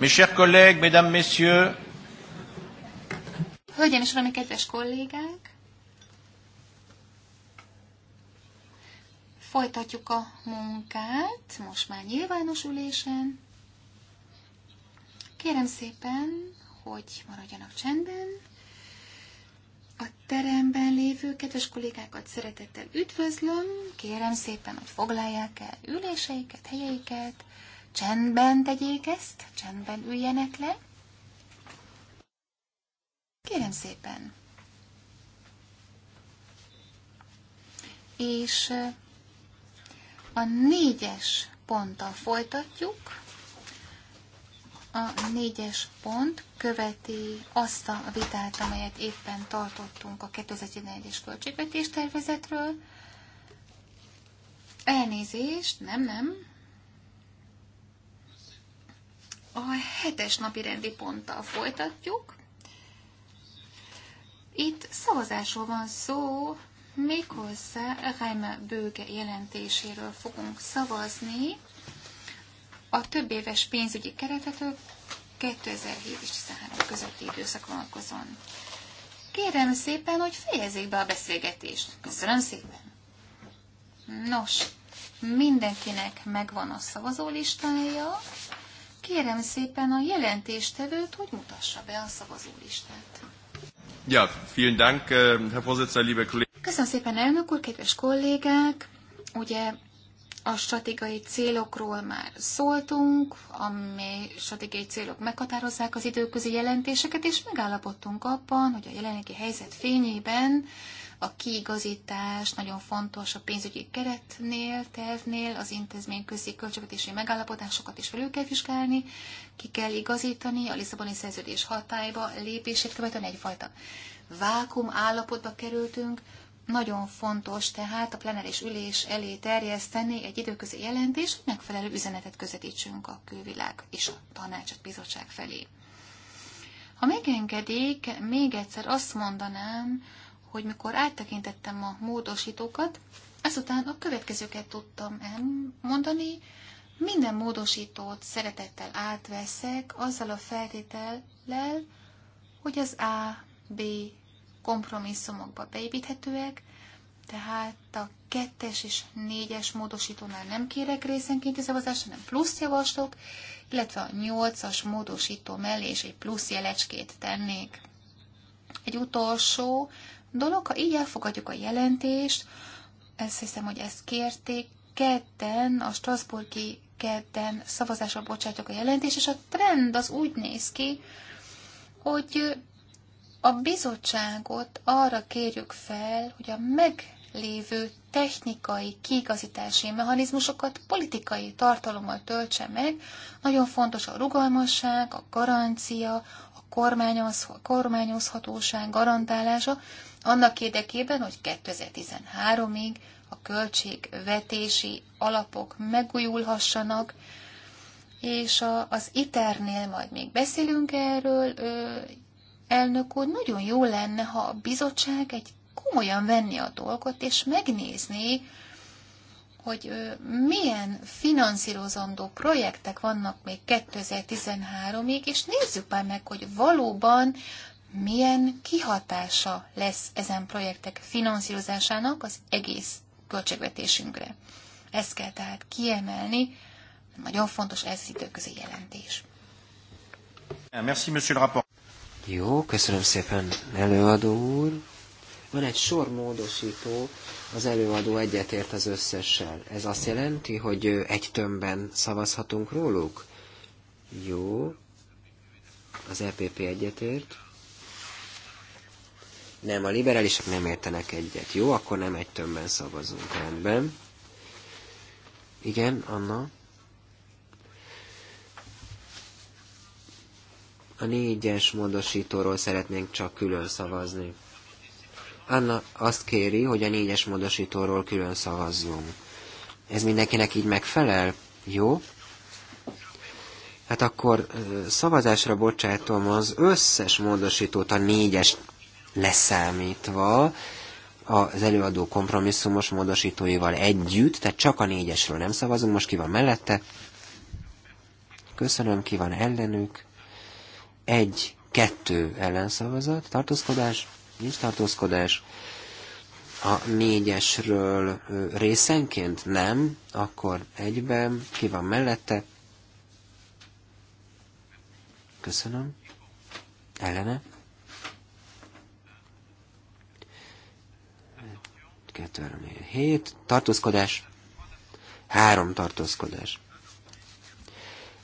Mes chers collègues, mesdames, messieurs. Hölgyeim és uraim, kedves kollégák! Folytatjuk a munkát, most már nyilvános ülésen. Kérem szépen, hogy maradjanak csendben. A teremben lévő kedves kollégákat szeretettel üdvözlöm. Kérem szépen, hogy foglalják el üléseiket, helyeiket. Csendben tegyék ezt, csendben üljenek le. Kérem szépen. És a négyes ponttal folytatjuk. A négyes pont követi azt a vitát, amelyet éppen tartottunk a 2011-es költségvetés tervezetről. Elnézést, nem, nem, a hetes napi rendi ponttal folytatjuk. Itt szavazásról van szó, méghozzá Reimer bőge jelentéséről fogunk szavazni. A több éves pénzügyi keretetől 2007 és 2013 közötti időszak vonatkozóan. Kérem szépen, hogy fejezzék be a beszélgetést. Köszönöm szépen. Nos, mindenkinek megvan a szavazólistája. listája. Kérem szépen a jelentéstevőt, hogy mutassa be a szavazólistát. Ja, vielen Dank, äh, Herr Vorsitzender, liebe Kollegen. Köszönöm szépen, elnök úr, kedves kollégák! Ugye a stratégiai célokról már szóltunk, amely stratégiai célok meghatározzák az időközi jelentéseket, és megállapodtunk abban, hogy a jelenlegi helyzet fényében a kiigazítás nagyon fontos a pénzügyi keretnél, tervnél, az intézmény közi költségvetési megállapodásokat is felül kell vizsgálni, ki kell igazítani, a Lisszaboni szerződés hatályba lépését követően egyfajta vákum állapotba kerültünk, nagyon fontos tehát a plenáris ülés elé terjeszteni egy időközi jelentés, hogy megfelelő üzenetet közvetítsünk a külvilág és a tanácsot bizottság felé. Ha megengedik, még egyszer azt mondanám, hogy mikor áttekintettem a módosítókat, ezután a következőket tudtam elmondani. Minden módosítót szeretettel átveszek, azzal a feltétellel, hogy az A, B kompromisszumokba beépíthetőek, tehát a kettes és négyes módosítónál nem kérek részenkénti szavazást, hanem plusz javaslok, illetve a nyolcas módosító mellé is egy plusz jelecskét tennék. Egy utolsó dolog. Ha így elfogadjuk a jelentést, ezt hiszem, hogy ezt kérték, ketten, a Strasburgi ketten szavazásra bocsátjuk a jelentést, és a trend az úgy néz ki, hogy a bizottságot arra kérjük fel, hogy a meglévő technikai kiigazítási mechanizmusokat politikai tartalommal töltse meg. Nagyon fontos a rugalmasság, a garancia, a kormányozhatóság garantálása annak érdekében, hogy 2013-ig a költségvetési alapok megújulhassanak, és a, az ITER-nél majd még beszélünk erről, ö, elnök úr, nagyon jó lenne, ha a bizottság egy komolyan venni a dolgot, és megnézni, hogy ö, milyen finanszírozandó projektek vannak még 2013-ig, és nézzük már meg, hogy valóban milyen kihatása lesz ezen projektek finanszírozásának az egész költségvetésünkre. Ezt kell tehát kiemelni, nagyon fontos ez az időközi jelentés. Merci, monsieur le rapport. Jó, köszönöm szépen, előadó úr. Van egy sor módosító, az előadó egyetért az összessel. Ez azt jelenti, hogy egy tömbben szavazhatunk róluk? Jó, az EPP egyetért. Nem, a liberálisok nem értenek egyet. Jó, akkor nem egy tömbben szavazunk. Rendben. Igen, Anna? A négyes módosítóról szeretnénk csak külön szavazni. Anna azt kéri, hogy a négyes módosítóról külön szavazzunk. Ez mindenkinek így megfelel? Jó? Hát akkor szavazásra bocsátom az összes módosítót a négyes leszámítva az előadó kompromisszumos módosítóival együtt, tehát csak a négyesről nem szavazunk, most ki van mellette. Köszönöm, ki van ellenük. Egy, kettő ellenszavazat, tartózkodás, nincs tartózkodás. A négyesről részenként nem, akkor egyben ki van mellette. Köszönöm. Ellene. 2, 3, 7, tartózkodás, 3 tartózkodás.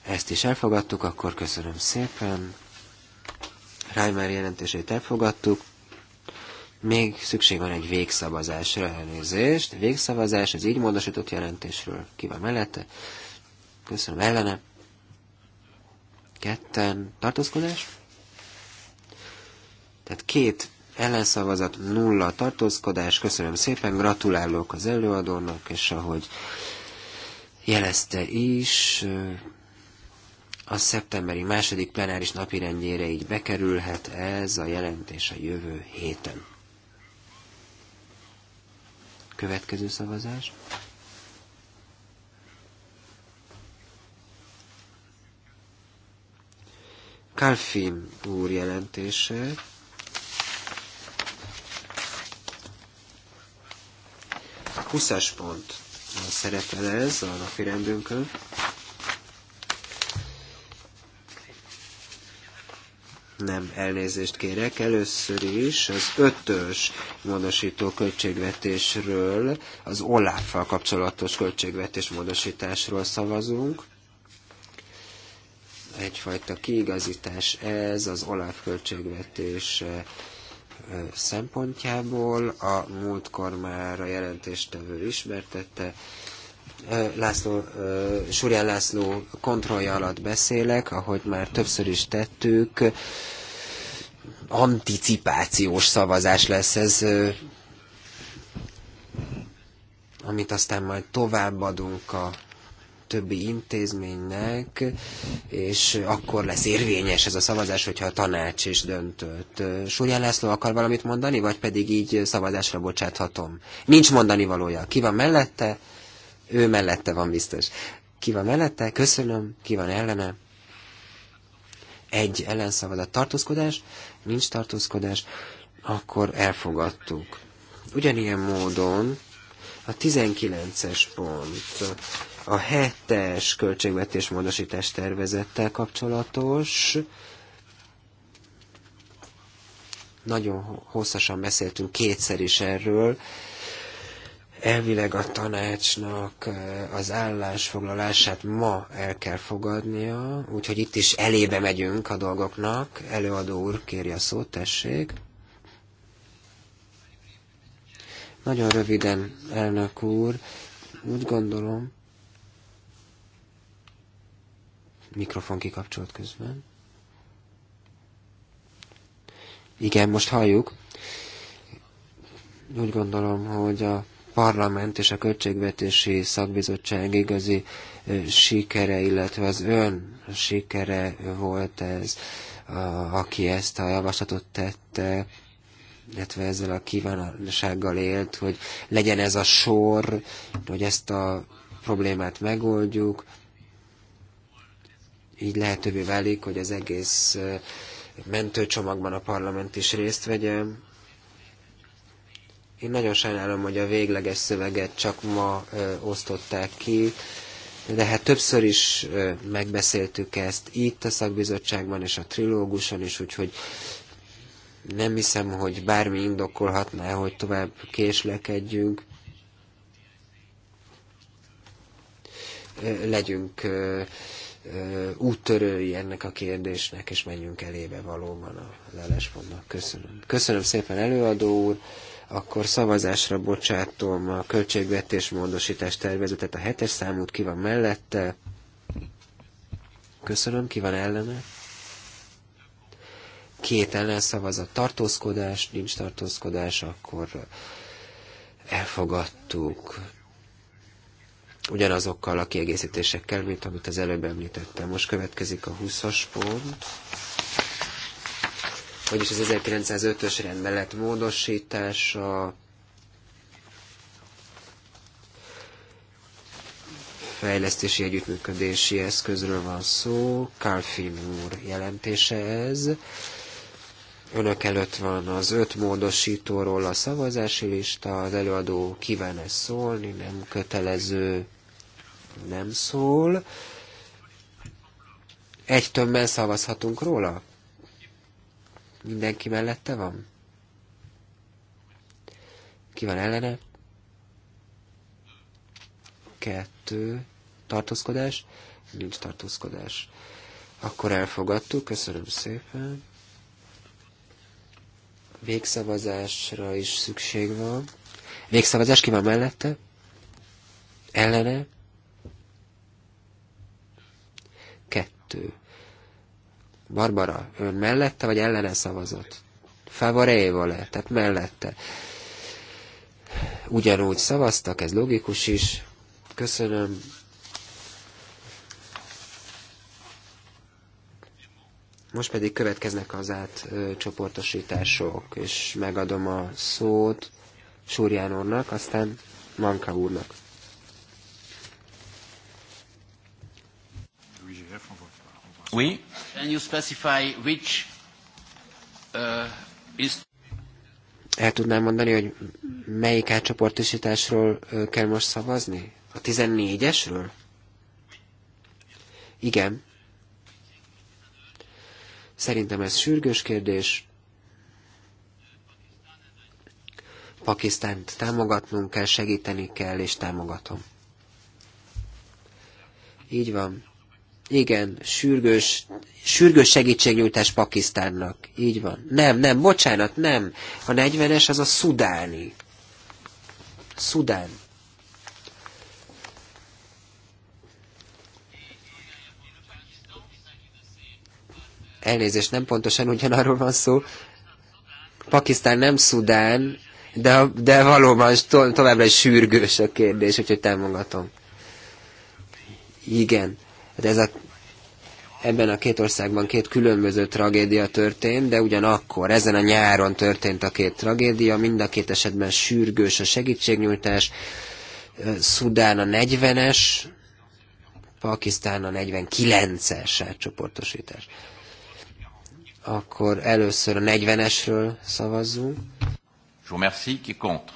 Ezt is elfogadtuk, akkor köszönöm szépen. Reimer jelentését elfogadtuk. Még szükség van egy végszavazásra, elnézést. Végszavazás az így módosított jelentésről. Ki van mellette? Köszönöm ellene. Ketten tartózkodás. Tehát két ellenszavazat, nulla tartózkodás. Köszönöm szépen, gratulálok az előadónak, és ahogy jelezte is, a szeptemberi második plenáris napirendjére így bekerülhet ez a jelentés a jövő héten. Következő szavazás. Kalfin úr jelentése 20-as pont szerepel ez a napi rendünkön. Nem, elnézést kérek. Először is az ötös módosító költségvetésről, az olaf kapcsolatos költségvetés módosításról szavazunk. Egyfajta kiigazítás ez az OLAF költségvetés szempontjából. A múltkor már a jelentéstevő ismertette. László, Súrján László kontrollja alatt beszélek, ahogy már többször is tettük. Anticipációs szavazás lesz ez, amit aztán majd továbbadunk a többi intézménynek, és akkor lesz érvényes ez a szavazás, hogyha a tanács is döntött. Súlyán László akar valamit mondani, vagy pedig így szavazásra bocsáthatom? Nincs mondani valója. Ki van mellette? Ő mellette van biztos. Ki van mellette? Köszönöm. Ki van ellene? Egy ellenszavazat. Tartózkodás? Nincs tartózkodás. Akkor elfogadtuk. Ugyanilyen módon a 19-es pont a hetes költségvetés módosítás tervezettel kapcsolatos. Nagyon hosszasan beszéltünk kétszer is erről. Elvileg a tanácsnak az állásfoglalását ma el kell fogadnia, úgyhogy itt is elébe megyünk a dolgoknak. Előadó úr kéri a szót, tessék. Nagyon röviden, elnök úr, úgy gondolom, mikrofon kikapcsolt közben. Igen, most halljuk. Úgy gondolom, hogy a parlament és a költségvetési szakbizottság igazi sikere, illetve az ön sikere volt ez, aki ezt a javaslatot tette, illetve ezzel a kívánsággal élt, hogy legyen ez a sor, hogy ezt a problémát megoldjuk, így lehetővé válik, hogy az egész mentőcsomagban a parlament is részt vegyen. Én nagyon sajnálom, hogy a végleges szöveget csak ma osztották ki, de hát többször is megbeszéltük ezt itt a szakbizottságban és a trilóguson is, úgyhogy nem hiszem, hogy bármi indokolhatná, hogy tovább késlekedjünk. Legyünk úttörői ennek a kérdésnek, és menjünk elébe valóban a álláspontnak. Köszönöm. Köszönöm szépen előadó úr. Akkor szavazásra bocsátom a költségvetés módosítás tervezetet, a hetes számút ki van mellette. Köszönöm, ki van ellene? Két ellenszavazat, tartózkodás, nincs tartózkodás, akkor elfogadtuk ugyanazokkal a kiegészítésekkel, mint amit az előbb említettem. Most következik a 20-as pont, vagyis az 1905-ös rendelet módosítása, fejlesztési együttműködési eszközről van szó, Kálfin úr jelentése ez. Önök előtt van az öt módosítóról a szavazási lista, az előadó kíván ezt szólni, nem kötelező nem szól. Egy tömmel szavazhatunk róla? Mindenki mellette van? Ki van ellene? Kettő. Tartózkodás? Nincs tartózkodás. Akkor elfogadtuk, köszönöm szépen. Végszavazásra is szükség van. Végszavazás ki van mellette? Ellene? 2. Barbara, ön mellette vagy ellene szavazott? Favorevole, tehát mellette. Ugyanúgy szavaztak, ez logikus is. Köszönöm. Most pedig következnek az átcsoportosítások, és megadom a szót Súrján úrnak, aztán Manka úrnak. Oui. Can you specify which uh, is el tudnám mondani, hogy melyik átcsoportosításról kell most szavazni? A 14-esről? Igen. Szerintem ez sürgős kérdés. Pakisztánt támogatnunk kell, segíteni kell, és támogatom. Így van. Igen, sürgős, sürgős segítségnyújtás Pakisztánnak. Így van. Nem, nem, bocsánat, nem. A 40-es az a szudáni. Szudán. Elnézést, nem pontosan ugyanarról van szó. Pakisztán nem Szudán, de, de valóban to, továbbra is sürgős a kérdés, úgyhogy támogatom. Igen. Hát ez a, ebben a két országban két különböző tragédia történt, de ugyanakkor ezen a nyáron történt a két tragédia, mind a két esetben sürgős a segítségnyújtás, Szudán a 40-es, Pakisztán a 49-es átcsoportosítás. Akkor először a 40-esről szavazzunk. Je vous remercie, qui contre?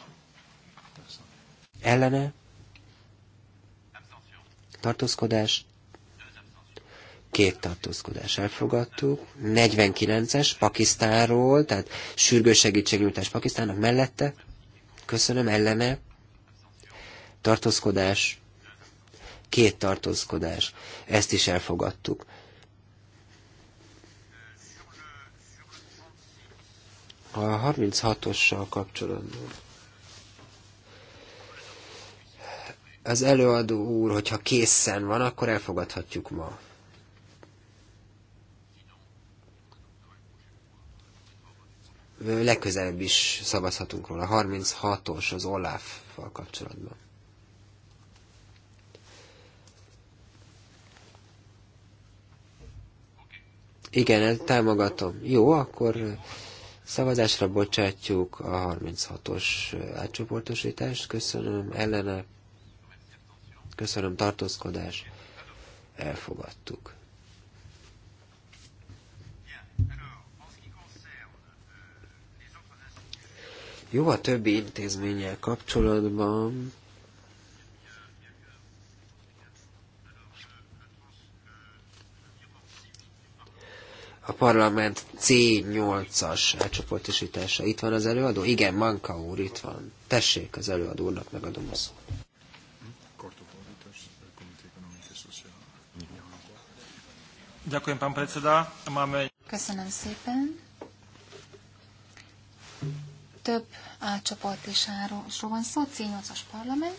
Ellene? Tartózkodás? két tartózkodás elfogadtuk, 49-es Pakisztánról, tehát sürgős segítségnyújtás Pakisztánnak mellette, köszönöm, ellene, tartózkodás, két tartózkodás, ezt is elfogadtuk. A 36-ossal kapcsolatban. Az előadó úr, hogyha készen van, akkor elfogadhatjuk ma. legközelebb is szavazhatunk róla. 36-os az Olaf-val kapcsolatban. Igen, támogatom. Jó, akkor szavazásra bocsátjuk a 36-os átcsoportosítást. Köszönöm, ellene. Köszönöm, tartózkodás. Elfogadtuk. Jó a többi intézménnyel kapcsolatban. A parlament C8-as elcsoportosítása. Itt van az előadó? Igen, Manka úr itt van. Tessék az előadónak, megadom a szót. Köszönöm szépen több átcsoportosásról van szó, C8-as parlament,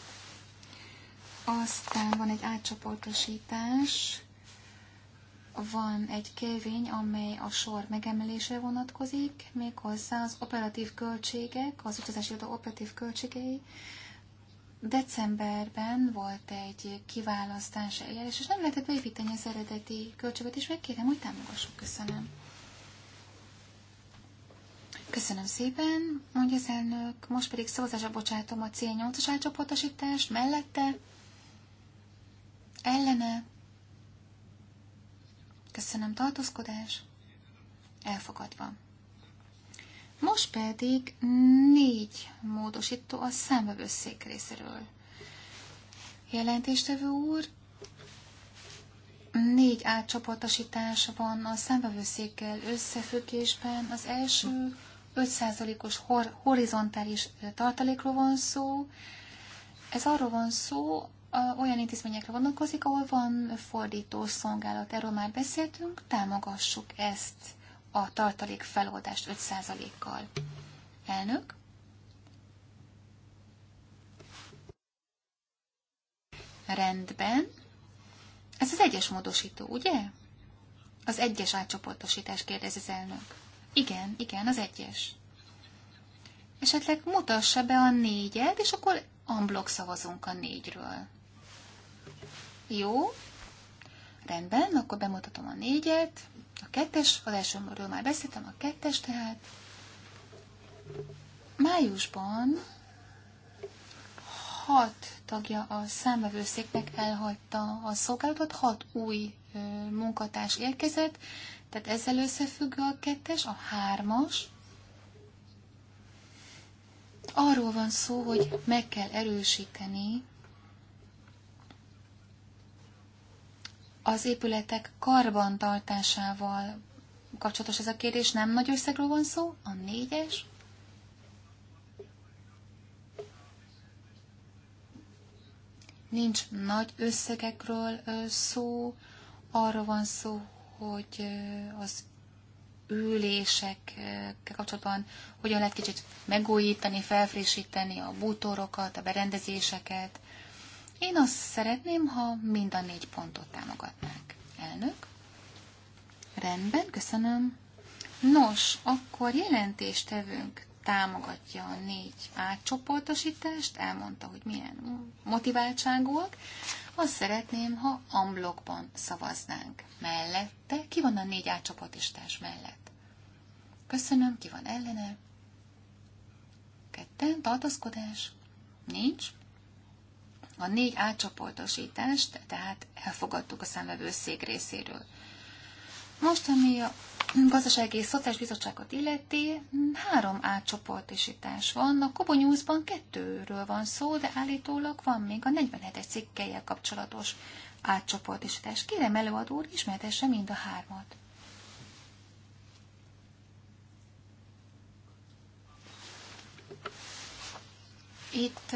aztán van egy átcsoportosítás, van egy kérvény, amely a sor megemelése vonatkozik, méghozzá az operatív költségek, az utazási adó operatív költségei. Decemberben volt egy kiválasztás eljárás, és nem lehetett beépíteni az eredeti költséget, és megkérem, hogy támogassuk. Köszönöm. Köszönöm szépen, mondja az elnök. Most pedig szavazásra bocsátom a C8-as átcsoportosítást mellette. Ellene. Köszönöm tartózkodás. Elfogadva. Most pedig négy módosító a számbevőszék részéről. Jelentéstevő úr, négy átcsoportosítás van a számbevőszékkel összefüggésben. Az első 5%-os hor- horizontális tartalékról van szó. Ez arról van szó, olyan intézményekre vonatkozik, ahol van fordító szolgálat, erről már beszéltünk, támogassuk ezt a tartalék feloldást 5%-kal. Elnök? Rendben. Ez az egyes módosító, ugye? Az egyes átcsoportosítás kérdezi az elnök. Igen, igen, az egyes. Esetleg mutassa be a négyet, és akkor amblok szavazunk a négyről. Jó? Rendben, akkor bemutatom a négyet. A kettes, az elsőről már beszéltem, a kettes tehát. Májusban hat tagja a számvevőszéknek elhagyta a szolgálatot, hat új munkatárs érkezett, tehát ezzel összefüggő a kettes, a hármas. Arról van szó, hogy meg kell erősíteni az épületek karbantartásával kapcsolatos ez a kérdés. Nem nagy összegről van szó, a négyes. Nincs nagy összegekről szó, arról van szó, hogy az ülésekkel kapcsolatban hogyan lehet kicsit megújítani, felfrissíteni a bútorokat, a berendezéseket. Én azt szeretném, ha mind a négy pontot támogatnák. Elnök? Rendben, köszönöm. Nos, akkor jelentéstevőnk támogatja a négy átcsoportosítást, elmondta, hogy milyen motiváltságúak. Azt szeretném, ha amblokban szavaznánk. Mellette ki van a négy átcsoportistás mellett? Köszönöm, ki van ellene? Ketten, tartozkodás? Nincs. A négy átcsoportosítást, tehát elfogadtuk a szék részéről. Most, ami a gazdasági és szociális bizottságot illeti, három átcsoportosítás van. A Kobo News-ban kettőről van szó, de állítólag van még a 47-es cikkelyel kapcsolatos átcsoportosítás. Kérem előadó úr, ismertesse mind a hármat. Itt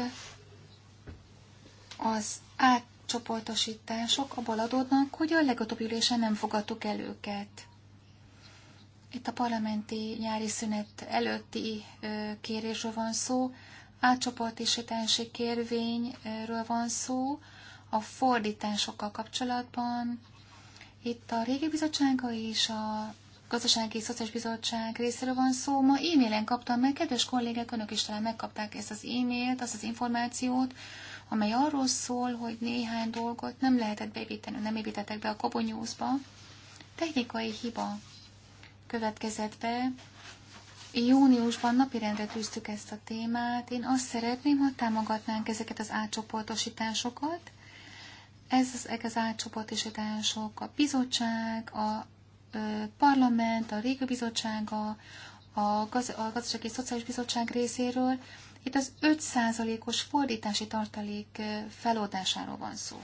az átcsoportosítások abból adódnak, hogy a legutóbbi ülésen nem fogadtuk el őket. Itt a parlamenti nyári szünet előtti kérésről van szó, átcsoportisítási kérvényről van szó, a fordításokkal kapcsolatban. Itt a régi bizottsága és a Gazdasági Szociális Bizottság részéről van szó. Ma e-mailen kaptam meg, kedves kollégák, önök is talán megkapták ezt az e-mailt, azt az információt, amely arról szól, hogy néhány dolgot nem lehetett beépíteni, nem építettek be a Kobo News-ba. Technikai hiba következett be. Júniusban napirendre tűztük ezt a témát. Én azt szeretném, ha támogatnánk ezeket az átcsoportosításokat. Ez az, az átcsoportosítások a bizottság, a parlament, a régi bizottság, a, a, gaz, a gazdasági szociális bizottság részéről. Itt az 5%-os fordítási tartalék feloldásáról van szó.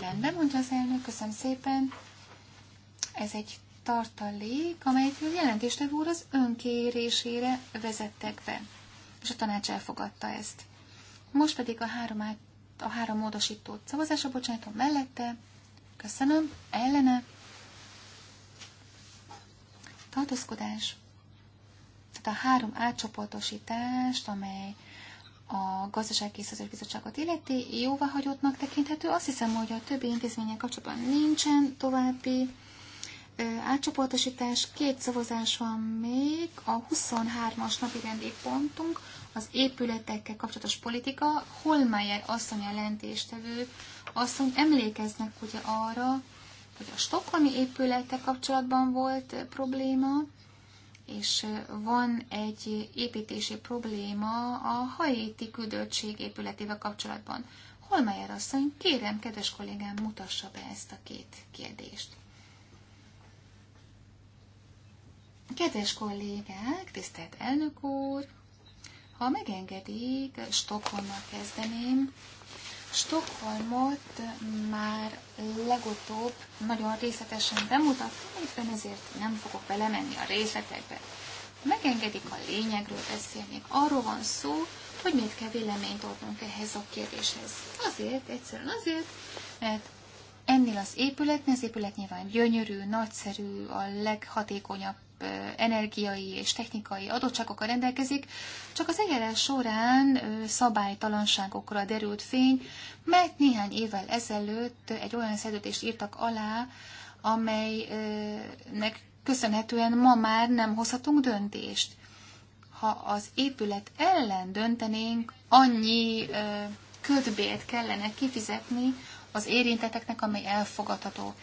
Rendben, mondja az elnök, köszönöm szépen. Ez egy tartalék, amelyet jelentéstevő úr az önkérésére vezettek be, és a tanács elfogadta ezt. Most pedig a három, át, a három módosítót szavazásra bocsájtom mellette. Köszönöm. Ellene. Tartózkodás. Tehát a három átcsoportosítást, amely a Gazdaságkészítő Bizottságot illeti, hagyottnak tekinthető. Azt hiszem, hogy a többi intézmények kapcsolatban nincsen további átcsoportosítás, két szavazás van még, a 23-as napi rendi pontunk, az épületekkel kapcsolatos politika, Holmeyer asszony jelentéstevő, asszony emlékeznek ugye arra, hogy a stokholmi épületek kapcsolatban volt probléma, és van egy építési probléma a haéti küldöttség épületével kapcsolatban. Holmeyer asszony, kérem, kedves kollégám, mutassa be ezt a két kérdést. Kedves kollégák, tisztelt elnök úr, ha megengedik, Stockholmmal kezdeném. Stockholmot már legutóbb nagyon részletesen bemutattam, éppen ezért nem fogok belemenni a részletekbe. Ha megengedik, a lényegről beszélni? Arról van szó, hogy miért kell véleményt adnunk ehhez a kérdéshez. Azért, egyszerűen azért, mert ennél az épületnél, az épület nyilván gyönyörű, nagyszerű, a leghatékonyabb energiai és technikai adottságokkal rendelkezik, csak az eljárás során szabálytalanságokra derült fény, mert néhány évvel ezelőtt egy olyan szerződést írtak alá, amelynek köszönhetően ma már nem hozhatunk döntést. Ha az épület ellen döntenénk, annyi ködbért kellene kifizetni az érinteteknek, amely elfogadható.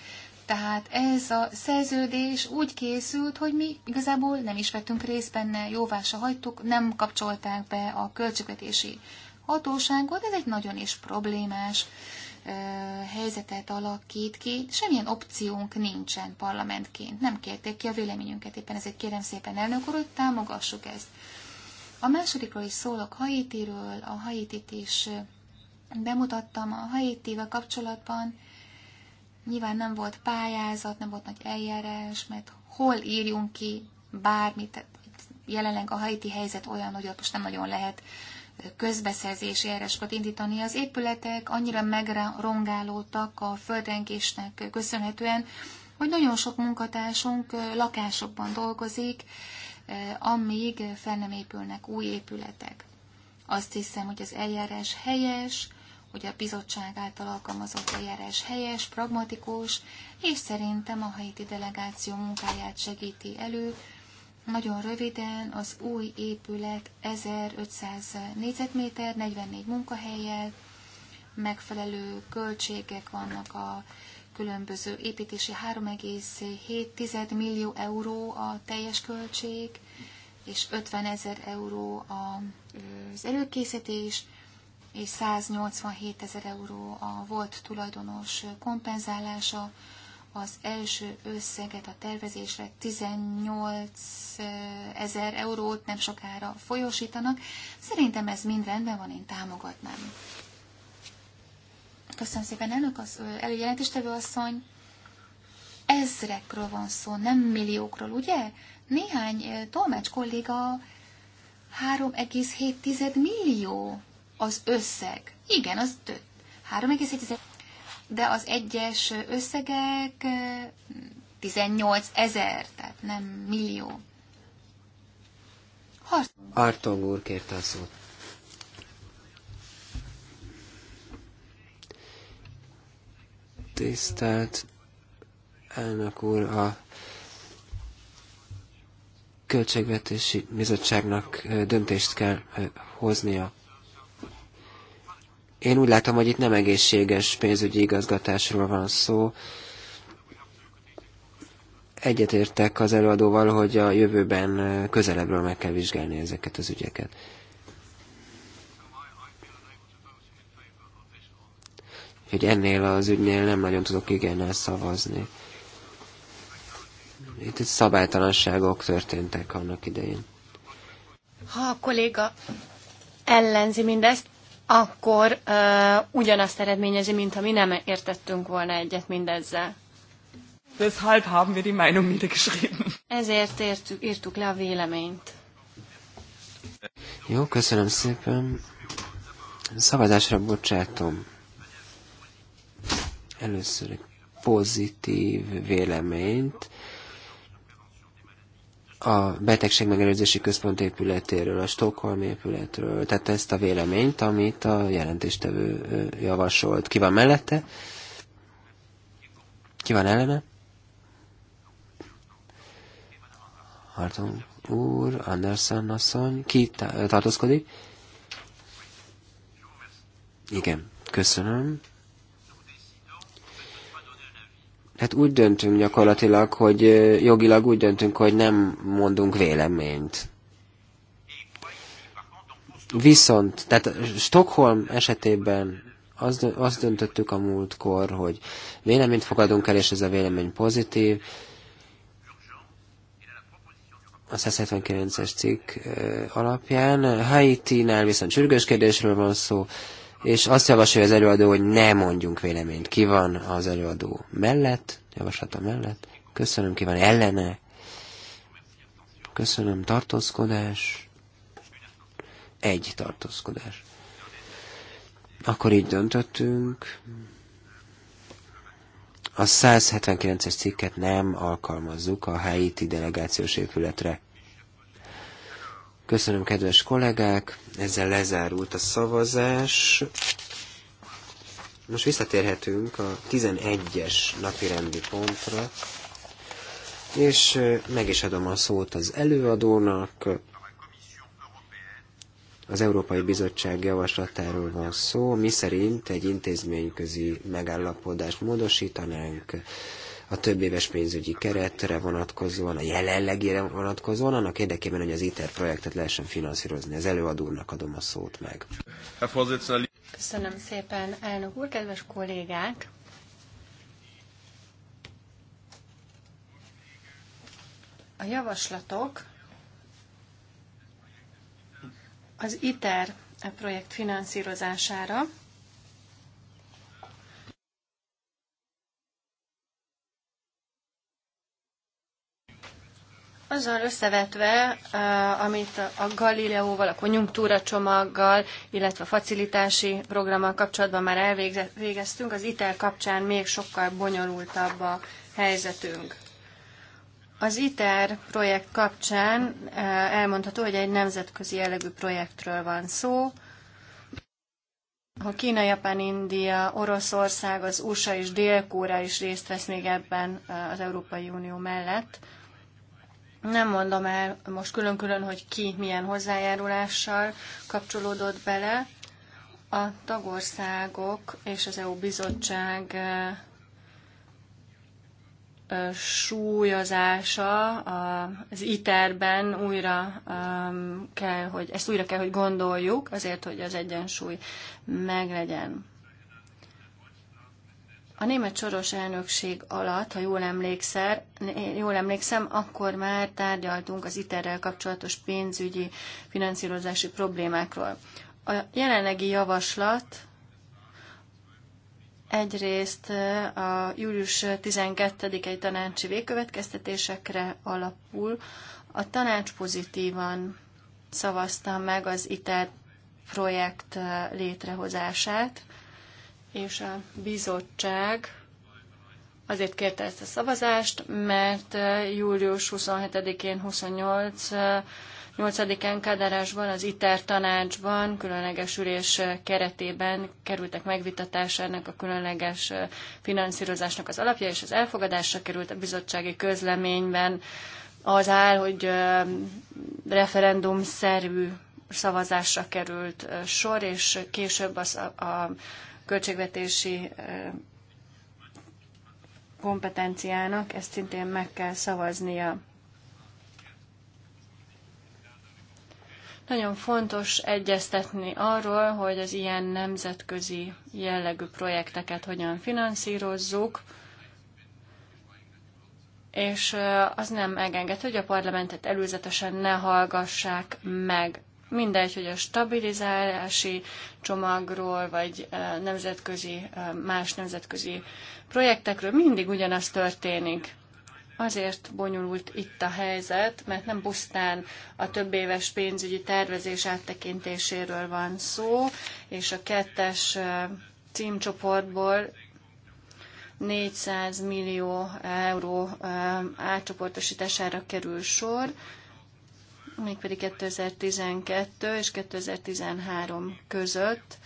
Tehát ez a szerződés úgy készült, hogy mi igazából nem is vettünk részt benne, jóvá se hagytuk, nem kapcsolták be a költségvetési hatóságot, ez egy nagyon is problémás ö, helyzetet alakít ki. Semmilyen opciónk nincsen parlamentként. Nem kérték ki a véleményünket, éppen ezért kérem szépen elnök úr, hogy támogassuk ezt. A másodikról is szólok Haitiről, a Haitit is bemutattam a Haitivel kapcsolatban Nyilván nem volt pályázat, nem volt nagy eljárás, mert hol írjunk ki bármit, jelenleg a haiti helyzet olyan, hogy ott most nem nagyon lehet közbeszerzési ereskat indítani. Az épületek annyira megrongálódtak a földrengésnek köszönhetően, hogy nagyon sok munkatársunk lakásokban dolgozik, amíg fel nem épülnek új épületek. Azt hiszem, hogy az eljárás helyes, hogy a bizottság által alkalmazott eljárás helyes, pragmatikus, és szerintem a haiti delegáció munkáját segíti elő. Nagyon röviden az új épület 1500 négyzetméter, 44 munkahelyel, megfelelő költségek vannak a különböző építési 3,7 millió euró a teljes költség, és 50 ezer euró az előkészítés, és 187 ezer euró a volt tulajdonos kompenzálása, az első összeget a tervezésre 18 ezer eurót nem sokára folyósítanak. Szerintem ez mind rendben van, én támogatnám. Köszönöm szépen, elnök az előjelentéstevő asszony. Ezrekről van szó, nem milliókról, ugye? Néhány tolmács kolléga 3,7 millió az összeg. Igen, az 3,1, de az egyes összegek 18 ezer, tehát nem millió. Hartong, Hartong úr kérte a szót. Tisztelt elnök úr, a Költségvetési Bizottságnak döntést kell hoznia én úgy látom, hogy itt nem egészséges pénzügyi igazgatásról van szó. Egyetértek az előadóval, hogy a jövőben közelebbről meg kell vizsgálni ezeket az ügyeket. Hogy ennél az ügynél nem nagyon tudok igennel szavazni. Itt, itt szabálytalanságok történtek annak idején. Ha a kolléga ellenzi mindezt, akkor uh, ugyanazt eredményezi, mint ha mi nem értettünk volna egyet mindezzel. Deshalb haben wir die Meinung niedergeschrieben. Ezért értük, írtuk le a véleményt. Jó, köszönöm szépen. Szavazásra bocsátom. Először egy pozitív véleményt a betegség megelőzési központ épületéről, a Stockholm épületről, tehát ezt a véleményt, amit a jelentéstevő javasolt. Ki van mellette? Ki van ellene? Harton úr, Anderson asszony, ki tartózkodik? Igen, köszönöm. Hát úgy döntünk gyakorlatilag, hogy jogilag úgy döntünk, hogy nem mondunk véleményt. Viszont, tehát Stockholm esetében azt, azt döntöttük a múltkor, hogy véleményt fogadunk el, és ez a vélemény pozitív. A 179-es cikk alapján. Haiti-nál viszont sürgős kérdésről van szó és azt javasolja az előadó, hogy ne mondjunk véleményt. Ki van az előadó mellett, javaslata mellett? Köszönöm, ki van ellene? Köszönöm, tartózkodás. Egy tartózkodás. Akkor így döntöttünk. A 179-es cikket nem alkalmazzuk a helyi delegációs épületre. Köszönöm, kedves kollégák, ezzel lezárult a szavazás. Most visszatérhetünk a 11-es rendi pontra, és meg is adom a szót az előadónak. Az Európai Bizottság javaslatáról van szó, mi szerint egy intézményközi megállapodást módosítanánk a több éves pénzügyi keretre vonatkozóan, a jelenlegére vonatkozóan, annak érdekében, hogy az ITER projektet lehessen finanszírozni. Az előadónak adom a szót meg. Köszönöm szépen, elnök úr, kedves kollégák! A javaslatok az ITER projekt finanszírozására Azzal összevetve, eh, amit a Galileóval, a konjunktúra csomaggal, illetve a facilitási programmal kapcsolatban már elvégeztünk, az ITER kapcsán még sokkal bonyolultabb a helyzetünk. Az ITER projekt kapcsán eh, elmondható, hogy egy nemzetközi jellegű projektről van szó. Ha Kína, Japán, India, Oroszország, az USA és Dél-Kóra is részt vesz még ebben eh, az Európai Unió mellett, nem mondom el most külön-külön, hogy ki milyen hozzájárulással kapcsolódott bele. A tagországok és az EU bizottság súlyozása az ITER-ben újra kell, hogy ezt újra kell, hogy gondoljuk, azért, hogy az egyensúly meglegyen. A német soros elnökség alatt, ha jól, emlékszer, jól emlékszem, akkor már tárgyaltunk az iter kapcsolatos pénzügyi finanszírozási problémákról. A jelenlegi javaslat egyrészt a július 12-i tanácsi végkövetkeztetésekre alapul. A tanács pozitívan szavazta meg az ITER projekt létrehozását, és a bizottság azért kérte ezt a szavazást, mert július 27-én, 28 8-án Kadarásban, az ITER tanácsban, különleges ülés keretében kerültek megvitatásának a különleges finanszírozásnak az alapja, és az elfogadásra került a bizottsági közleményben az áll, hogy referendum szerű szavazásra került sor, és később a, a költségvetési kompetenciának, ezt szintén meg kell szavaznia. Nagyon fontos egyeztetni arról, hogy az ilyen nemzetközi jellegű projekteket hogyan finanszírozzuk, és az nem engedhető, hogy a parlamentet előzetesen ne hallgassák meg. Mindegy, hogy a stabilizálási csomagról, vagy nemzetközi, más nemzetközi projektekről mindig ugyanaz történik. Azért bonyolult itt a helyzet, mert nem pusztán a több éves pénzügyi tervezés áttekintéséről van szó, és a kettes címcsoportból 400 millió euró átcsoportosítására kerül sor, mégpedig 2012 és 2013 között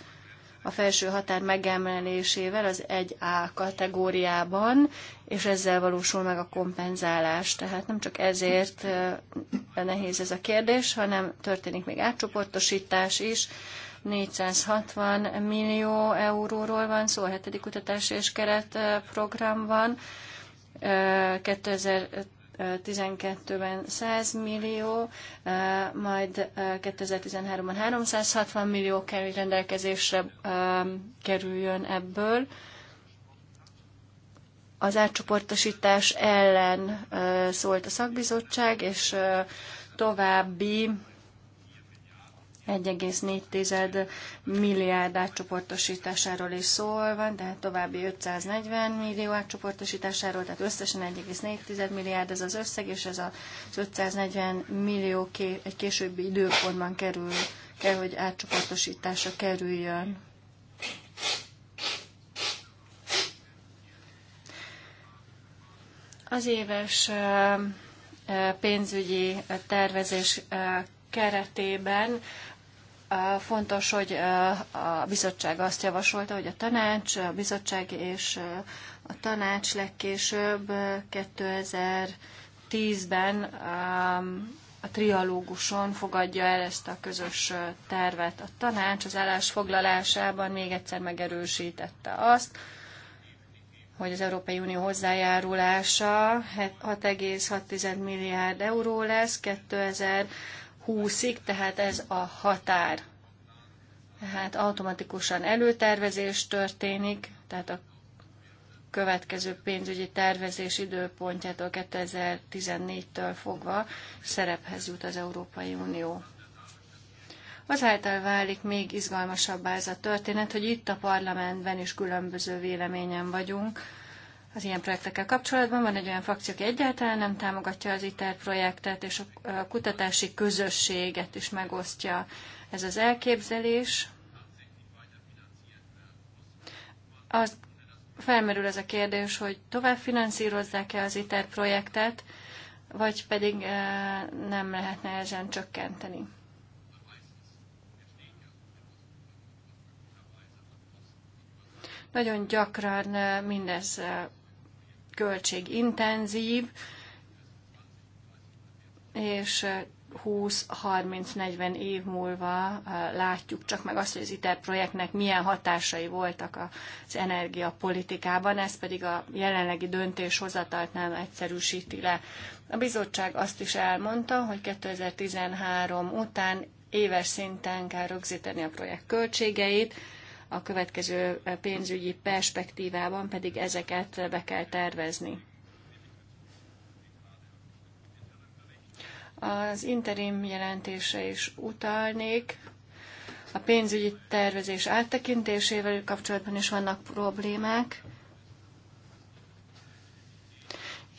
a felső határ megemelésével az 1A kategóriában, és ezzel valósul meg a kompenzálás. Tehát nem csak ezért nehéz ez a kérdés, hanem történik még átcsoportosítás is. 460 millió euróról van szó a hetedik kutatási és keretprogramban. 2000 12-ben 100 millió, majd 2013-ban 360 millió kell, hogy rendelkezésre kerüljön ebből. Az átcsoportosítás ellen szólt a szakbizottság, és további 1,4 milliárd átcsoportosításáról is szó van, tehát további 540 millió átcsoportosításáról, tehát összesen 1,4 milliárd ez az összeg, és ez az 540 millió egy későbbi időpontban kerül, kell, hogy átcsoportosításra kerüljön. Az éves pénzügyi tervezés keretében Fontos, hogy a bizottság azt javasolta, hogy a tanács, a bizottság és a tanács legkésőbb 2010-ben a trialóguson fogadja el ezt a közös tervet. A tanács az állásfoglalásában még egyszer megerősítette azt, hogy az Európai Unió hozzájárulása 6,6 milliárd euró lesz 2000 20-ig, tehát ez a határ. Tehát automatikusan előtervezés történik, tehát a következő pénzügyi tervezés időpontjától 2014-től fogva szerephez jut az Európai Unió. Azáltal válik még izgalmasabbá ez a történet, hogy itt a parlamentben is különböző véleményen vagyunk, az ilyen projektekkel kapcsolatban. Van egy olyan frakció, aki egyáltalán nem támogatja az ITER projektet, és a kutatási közösséget is megosztja ez az elképzelés. Az felmerül ez a kérdés, hogy tovább finanszírozzák-e az ITER projektet, vagy pedig e, nem lehetne ezen csökkenteni. Nagyon gyakran e, mindez e, költségintenzív, és 20-30-40 eh, év múlva eh, látjuk csak meg azt, hogy az ITER projektnek milyen hatásai voltak az energiapolitikában, ez pedig a jelenlegi döntéshozatalt nem egyszerűsíti le. A bizottság azt is elmondta, hogy 2013 után éves szinten kell rögzíteni a projekt költségeit, a következő pénzügyi perspektívában pedig ezeket be kell tervezni. Az interim jelentése is utalnék. A pénzügyi tervezés áttekintésével kapcsolatban is vannak problémák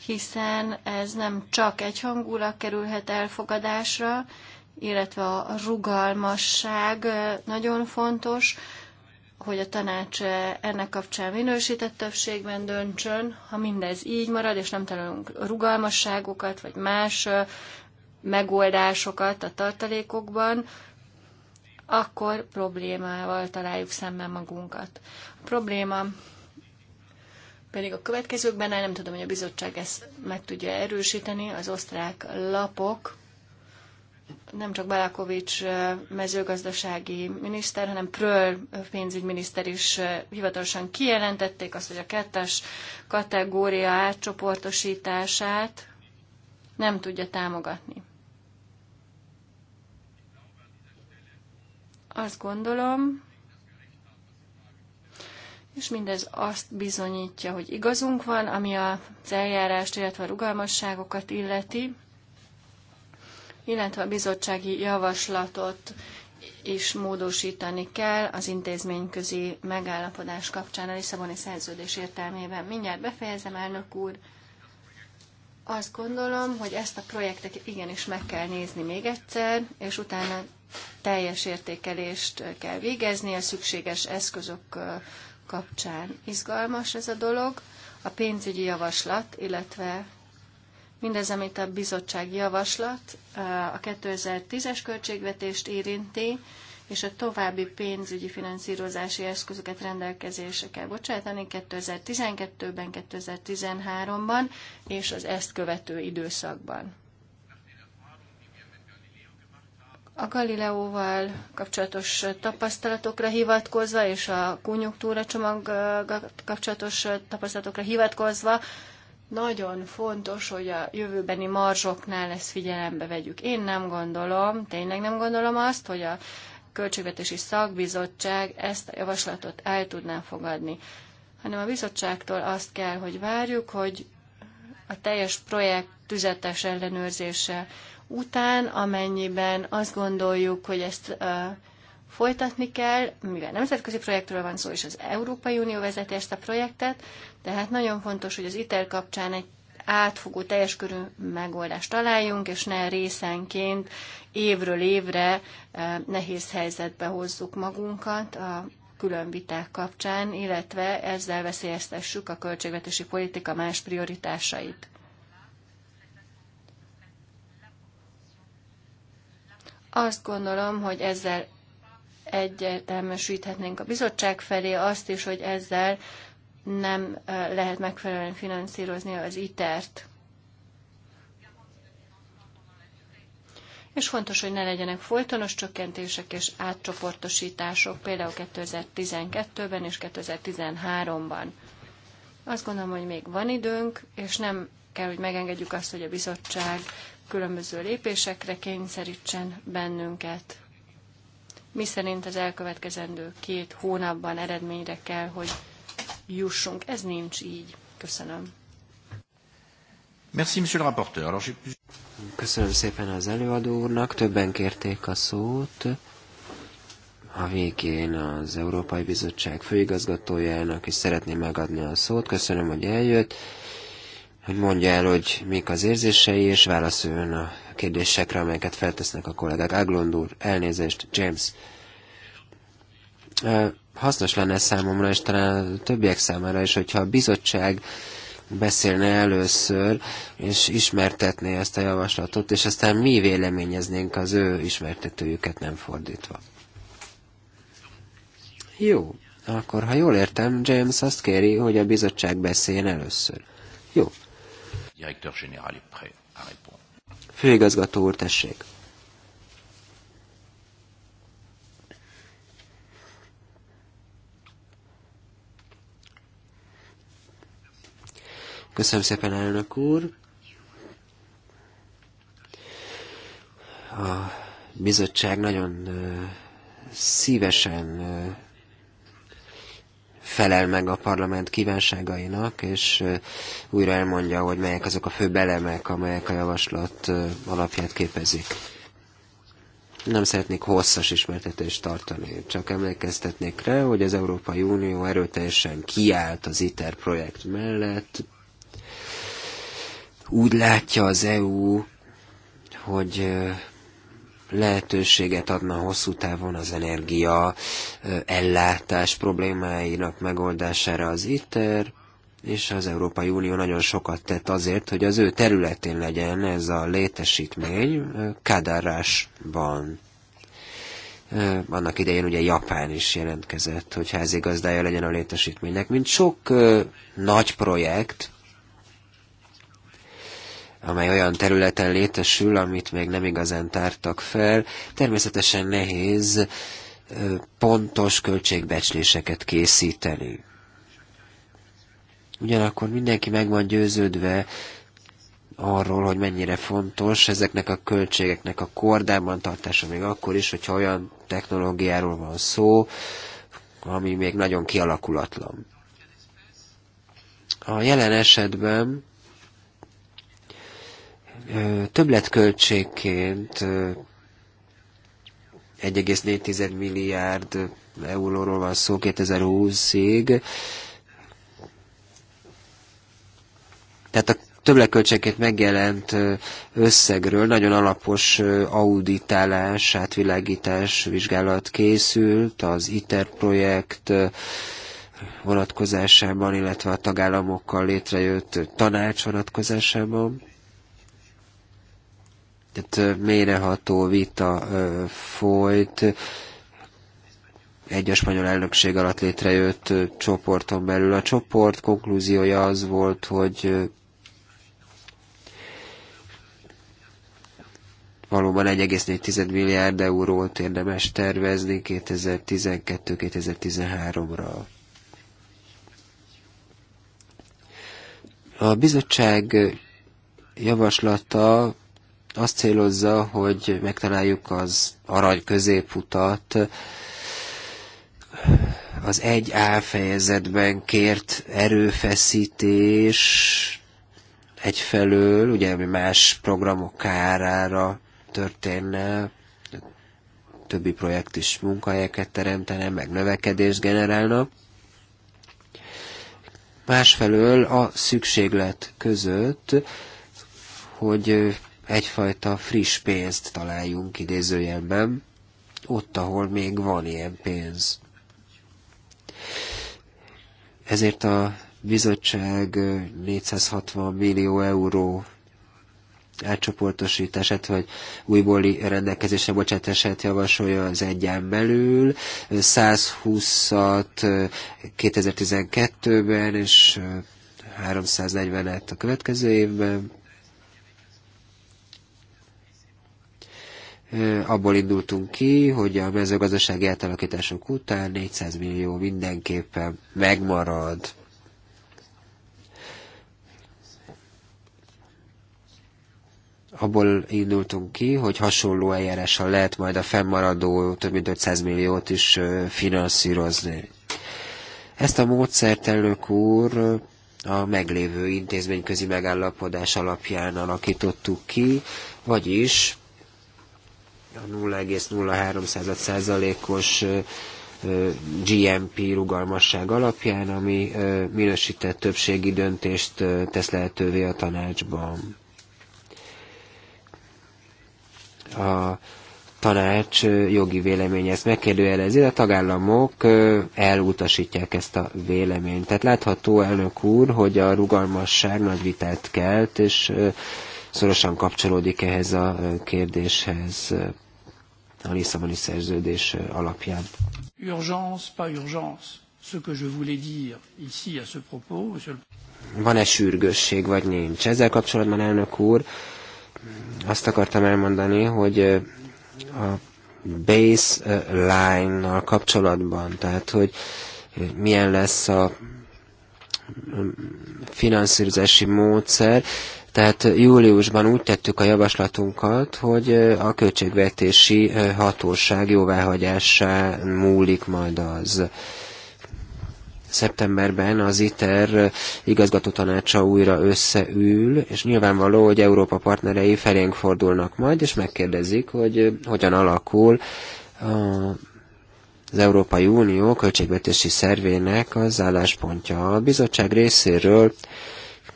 hiszen ez nem csak egyhangulag kerülhet elfogadásra, illetve a rugalmasság nagyon fontos, hogy a tanács ennek kapcsán minősített többségben döntsön. Ha mindez így marad, és nem találunk rugalmasságokat, vagy más megoldásokat a tartalékokban, akkor problémával találjuk szemben magunkat. A probléma pedig a következőkben, nem tudom, hogy a bizottság ezt meg tudja erősíteni, az osztrák lapok nem csak Balakovics mezőgazdasági miniszter, hanem Pröl pénzügyminiszter is hivatalosan kijelentették azt, hogy a kettes kategória átcsoportosítását nem tudja támogatni. Azt gondolom, és mindez azt bizonyítja, hogy igazunk van, ami az eljárást, illetve a rugalmasságokat illeti illetve a bizottsági javaslatot is módosítani kell az intézményközi megállapodás kapcsán a Lisszaboni szerződés értelmében. Mindjárt befejezem, elnök úr. Azt gondolom, hogy ezt a projektet igenis meg kell nézni még egyszer, és utána teljes értékelést kell végezni a szükséges eszközök kapcsán. Izgalmas ez a dolog. A pénzügyi javaslat, illetve Mindez, amit a bizottság javaslat a 2010-es költségvetést érinti, és a további pénzügyi finanszírozási eszközöket rendelkezésre kell bocsátani 2012-ben, 2013-ban és az ezt követő időszakban. A Galileóval kapcsolatos tapasztalatokra hivatkozva és a konjunktúra csomag kapcsolatos tapasztalatokra hivatkozva nagyon fontos, hogy a jövőbeni marzsoknál ezt figyelembe vegyük. Én nem gondolom, tényleg nem gondolom azt, hogy a Költségvetési Szakbizottság ezt a javaslatot el tudná fogadni, hanem a bizottságtól azt kell, hogy várjuk, hogy a teljes projekt tüzetes ellenőrzése után, amennyiben azt gondoljuk, hogy ezt uh, folytatni kell, mivel nemzetközi projektről van szó, és az Európai Unió vezeti ezt a projektet, tehát nagyon fontos, hogy az ITER kapcsán egy átfogó, teljes körű megoldást találjunk, és ne részenként évről évre e, nehéz helyzetbe hozzuk magunkat a külön viták kapcsán, illetve ezzel veszélyeztessük a költségvetési politika más prioritásait. Azt gondolom, hogy ezzel egyértelműsíthetnénk a bizottság felé azt is, hogy ezzel nem lehet megfelelően finanszírozni az ITER-t. És fontos, hogy ne legyenek folytonos csökkentések és átcsoportosítások, például 2012-ben és 2013-ban. Azt gondolom, hogy még van időnk, és nem kell, hogy megengedjük azt, hogy a bizottság különböző lépésekre kényszerítsen bennünket. Mi szerint az elkövetkezendő két hónapban eredményre kell, hogy jussunk. Ez nincs így. Köszönöm. Merci, monsieur le rapporteur. Alors, Köszönöm szépen az előadó úrnak, többen kérték a szót. A végén az Európai Bizottság főigazgatójának is szeretném megadni a szót. Köszönöm, hogy eljött, hogy mondja el, hogy mik az érzései, és válaszoljon a kérdésekre, amelyeket feltesznek a kollégák. Aglond úr, elnézést, James hasznos lenne számomra, és talán többiek számára is, hogyha a bizottság beszélne először, és ismertetné ezt a javaslatot, és aztán mi véleményeznénk az ő ismertetőjüket nem fordítva. Jó, akkor ha jól értem, James azt kéri, hogy a bizottság beszéljen először. Jó. Főigazgató úr, tessék. Köszönöm szépen, elnök úr. A bizottság nagyon szívesen felel meg a parlament kívánságainak, és újra elmondja, hogy melyek azok a fő belemek, amelyek a javaslat alapját képezik. Nem szeretnék hosszas ismertetést tartani, csak emlékeztetnék rá, hogy az Európai Unió erőteljesen kiállt az ITER projekt mellett, úgy látja az EU, hogy lehetőséget adna hosszú távon az energia ellátás problémáinak megoldására az ITER, és az Európai Unió nagyon sokat tett azért, hogy az ő területén legyen ez a létesítmény Kadarásban. Annak idején ugye Japán is jelentkezett, hogy házigazdája legyen a létesítménynek. Mint sok ö, nagy projekt, amely olyan területen létesül, amit még nem igazán tártak fel. Természetesen nehéz pontos költségbecsléseket készíteni. Ugyanakkor mindenki meg van győződve arról, hogy mennyire fontos ezeknek a költségeknek a kordában tartása, még akkor is, hogyha olyan technológiáról van szó, ami még nagyon kialakulatlan. A jelen esetben többletköltségként 1,4 milliárd euróról van szó 2020-ig. Tehát a többletköltségként megjelent összegről nagyon alapos auditálás, átvilágítás, vizsgálat készült, az ITER projekt vonatkozásában, illetve a tagállamokkal létrejött tanács vonatkozásában. Tehát mélyreható vita folyt, egy a spanyol elnökség alatt létrejött csoporton belül. A csoport konklúziója az volt, hogy valóban 1,4 milliárd eurót érdemes tervezni 2012-2013-ra. A bizottság javaslata azt célozza, hogy megtaláljuk az arany középutat az egy A fejezetben kért erőfeszítés egyfelől, ugye ami más programok kárára történne, többi projekt is munkahelyeket teremtene, meg növekedést generálna. Másfelől a szükséglet között, hogy egyfajta friss pénzt találjunk idézőjelben, ott, ahol még van ilyen pénz. Ezért a bizottság 460 millió euró átcsoportosítását, vagy újbóli rendelkezésre bocsátását javasolja az egyen belül, 120-at 2012-ben, és 340-et a következő évben. abból indultunk ki, hogy a mezőgazdasági átalakítások után 400 millió mindenképpen megmarad. Abból indultunk ki, hogy hasonló eljárással lehet majd a fennmaradó több mint 500 milliót is finanszírozni. Ezt a módszert elnök úr a meglévő intézményközi megállapodás alapján alakítottuk ki, vagyis a 0,03%-os GMP rugalmasság alapján, ami minősített többségi döntést tesz lehetővé a tanácsban. A tanács jogi vélemény ezt megkérdőjelezi, de a tagállamok elutasítják ezt a véleményt. Tehát látható, elnök úr, hogy a rugalmasság nagy vitát kelt, és szorosan kapcsolódik ehhez a kérdéshez a Lisszaboni szerződés alapján. Urgence, pas urgence. Ce que je voulais dire ici à ce propos, monsieur... le... Van-e sürgősség, vagy nincs? Ezzel kapcsolatban, elnök úr, azt akartam elmondani, hogy a baseline-nal kapcsolatban, tehát hogy milyen lesz a finanszírozási módszer. Tehát júliusban úgy tettük a javaslatunkat, hogy a költségvetési hatóság jóváhagyásá múlik majd az szeptemberben az ITER igazgatótanácsa újra összeül, és nyilvánvaló, hogy Európa partnerei felénk fordulnak majd, és megkérdezik, hogy hogyan alakul a, az Európai Unió költségvetési szervének az álláspontja. A bizottság részéről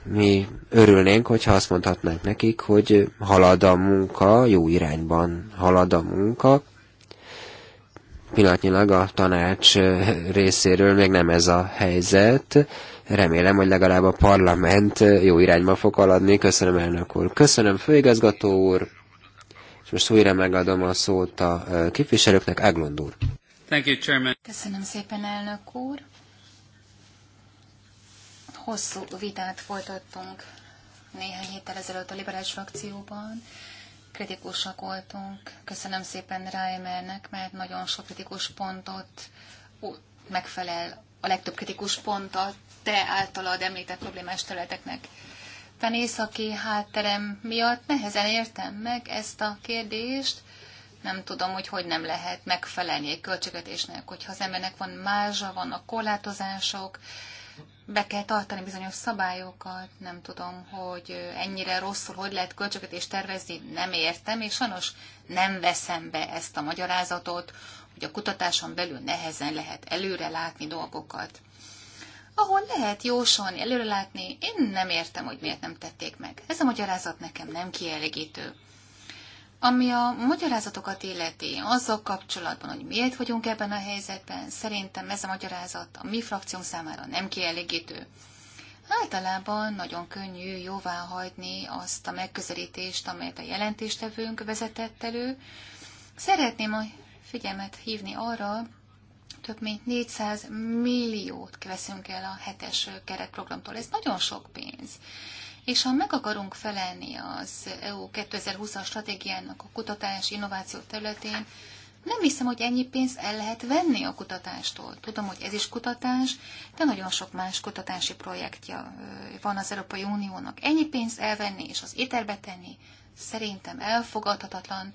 mi örülnénk, hogyha azt mondhatnánk nekik, hogy halad a munka, jó irányban halad a munka. Pillanatnyilag a tanács részéről még nem ez a helyzet. Remélem, hogy legalább a parlament jó irányba fog haladni. Köszönöm, elnök úr. Köszönöm, főigazgató úr. És most újra megadom a szót a képviselőknek, Áglond úr. Köszönöm szépen, elnök úr hosszú vitát folytattunk néhány héttel ezelőtt a liberális frakcióban. Kritikusak voltunk. Köszönöm szépen Reimernek, mert nagyon sok kritikus pontot megfelel a legtöbb kritikus pont a te általad említett problémás területeknek. Tan északi hátterem miatt nehezen értem meg ezt a kérdést. Nem tudom, hogy hogy nem lehet megfelelni egy költségvetésnek, hogyha az embernek van mázsa, vannak korlátozások, be kell tartani bizonyos szabályokat, nem tudom, hogy ennyire rosszul hogy lehet költségvetést tervezni, nem értem, és sajnos nem veszem be ezt a magyarázatot, hogy a kutatáson belül nehezen lehet előre látni dolgokat. Ahol lehet jósolni, előre látni, én nem értem, hogy miért nem tették meg. Ez a magyarázat nekem nem kielégítő. Ami a magyarázatokat illeti, azzal kapcsolatban, hogy miért vagyunk ebben a helyzetben, szerintem ez a magyarázat a mi frakciónk számára nem kielégítő. Általában nagyon könnyű jóvá hagyni azt a megközelítést, amelyet a jelentéstevőnk vezetett elő. Szeretném a figyelmet hívni arra, több mint 400 milliót veszünk el a hetes keretprogramtól. Ez nagyon sok pénz. És ha meg akarunk felelni az EU 2020-as stratégiának a kutatás innováció területén, nem hiszem, hogy ennyi pénzt el lehet venni a kutatástól. Tudom, hogy ez is kutatás, de nagyon sok más kutatási projektja van az Európai Uniónak. Ennyi pénzt elvenni és az éterbe tenni szerintem elfogadhatatlan.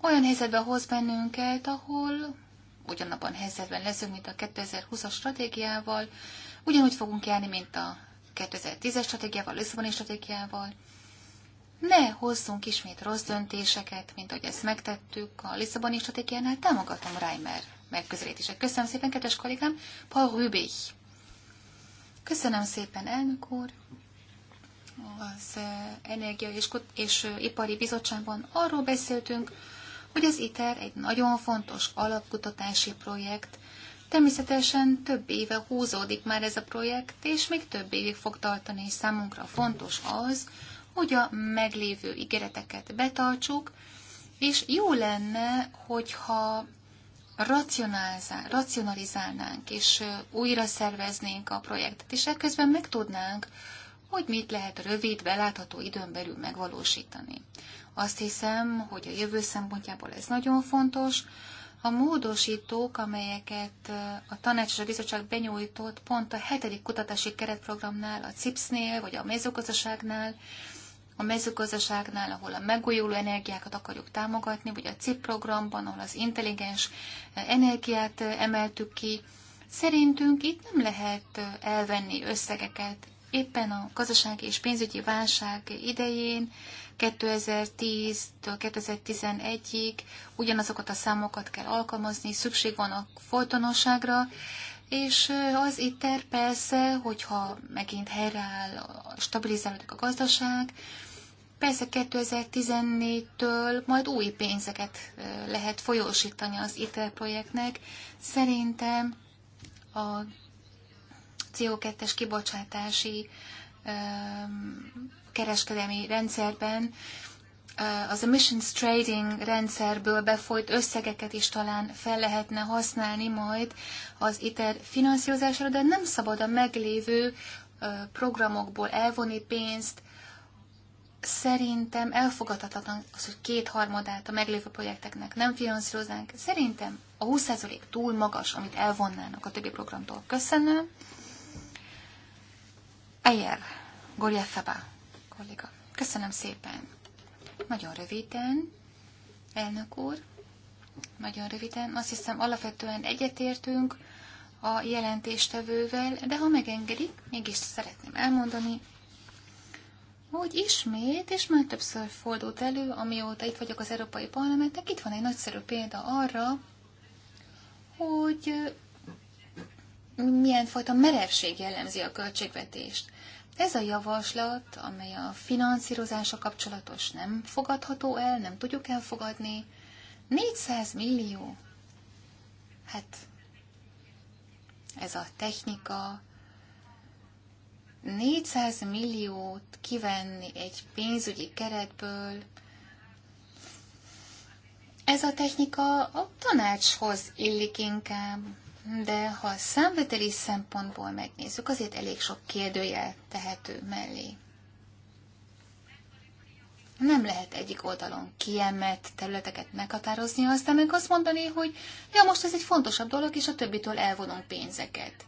Olyan helyzetbe hoz bennünket, ahol ugyanabban helyzetben leszünk, mint a 2020-as stratégiával, ugyanúgy fogunk járni, mint a 2010-es stratégiával, Lisszaboni stratégiával. Ne hozzunk ismét rossz döntéseket, mint ahogy ezt megtettük a Lisszaboni stratégiánál. Támogatom Reimer megközelítését. Köszönöm szépen, kedves kollégám, Paul Rübich. Köszönöm szépen, elnök úr. Az eh, Energia és, és eh, Ipari Bizottságban arról beszéltünk, hogy az ITER egy nagyon fontos alapkutatási projekt, Természetesen több éve húzódik már ez a projekt, és még több évig fog tartani, és számunkra fontos az, hogy a meglévő ígéreteket betartsuk, és jó lenne, hogyha racionalizálnánk, és újra szerveznénk a projektet, és ekközben megtudnánk, hogy mit lehet rövid, belátható időn belül megvalósítani. Azt hiszem, hogy a jövő szempontjából ez nagyon fontos, a módosítók, amelyeket a tanács és a bizottság benyújtott pont a hetedik kutatási keretprogramnál, a CIPS-nél, vagy a mezőgazdaságnál, a mezőgazdaságnál, ahol a megújuló energiákat akarjuk támogatni, vagy a CIP programban, ahol az intelligens energiát emeltük ki. Szerintünk itt nem lehet elvenni összegeket. Éppen a gazdasági és pénzügyi válság idején 2010-től 2011-ig ugyanazokat a számokat kell alkalmazni, szükség van a folytonosságra, és az ter persze, hogyha megint helyreáll, stabilizálódik a gazdaság, persze 2014-től majd új pénzeket lehet folyósítani az ITER projektnek. Szerintem a CO2-es kibocsátási kereskedelmi rendszerben eh, az emissions trading rendszerből befolyt összegeket is talán fel lehetne használni majd az ITER finanszírozására, de nem szabad a meglévő eh, programokból elvonni pénzt. Szerintem elfogadhatatlan az, hogy kétharmadát a meglévő projekteknek nem finanszíroznánk. Szerintem a 20% túl magas, amit elvonnának a többi programtól. Köszönöm. Eyer, Gorjefeba kolléga. Köszönöm szépen. Nagyon röviden, elnök úr, nagyon röviden. Azt hiszem, alapvetően egyetértünk a jelentéstevővel, de ha megengedik, mégis szeretném elmondani, hogy ismét, és már többször fordult elő, amióta itt vagyok az Európai Parlamentnek, itt van egy nagyszerű példa arra, hogy milyen fajta merevség jellemzi a költségvetést. Ez a javaslat, amely a finanszírozása kapcsolatos nem fogadható el, nem tudjuk elfogadni. 400 millió. Hát ez a technika. 400 milliót kivenni egy pénzügyi keretből, ez a technika a tanácshoz illik inkább de ha a számveteli szempontból megnézzük, azért elég sok kérdőjel tehető mellé. Nem lehet egyik oldalon kiemelt területeket meghatározni, aztán meg azt mondani, hogy ja, most ez egy fontosabb dolog, és a többitől elvonunk pénzeket.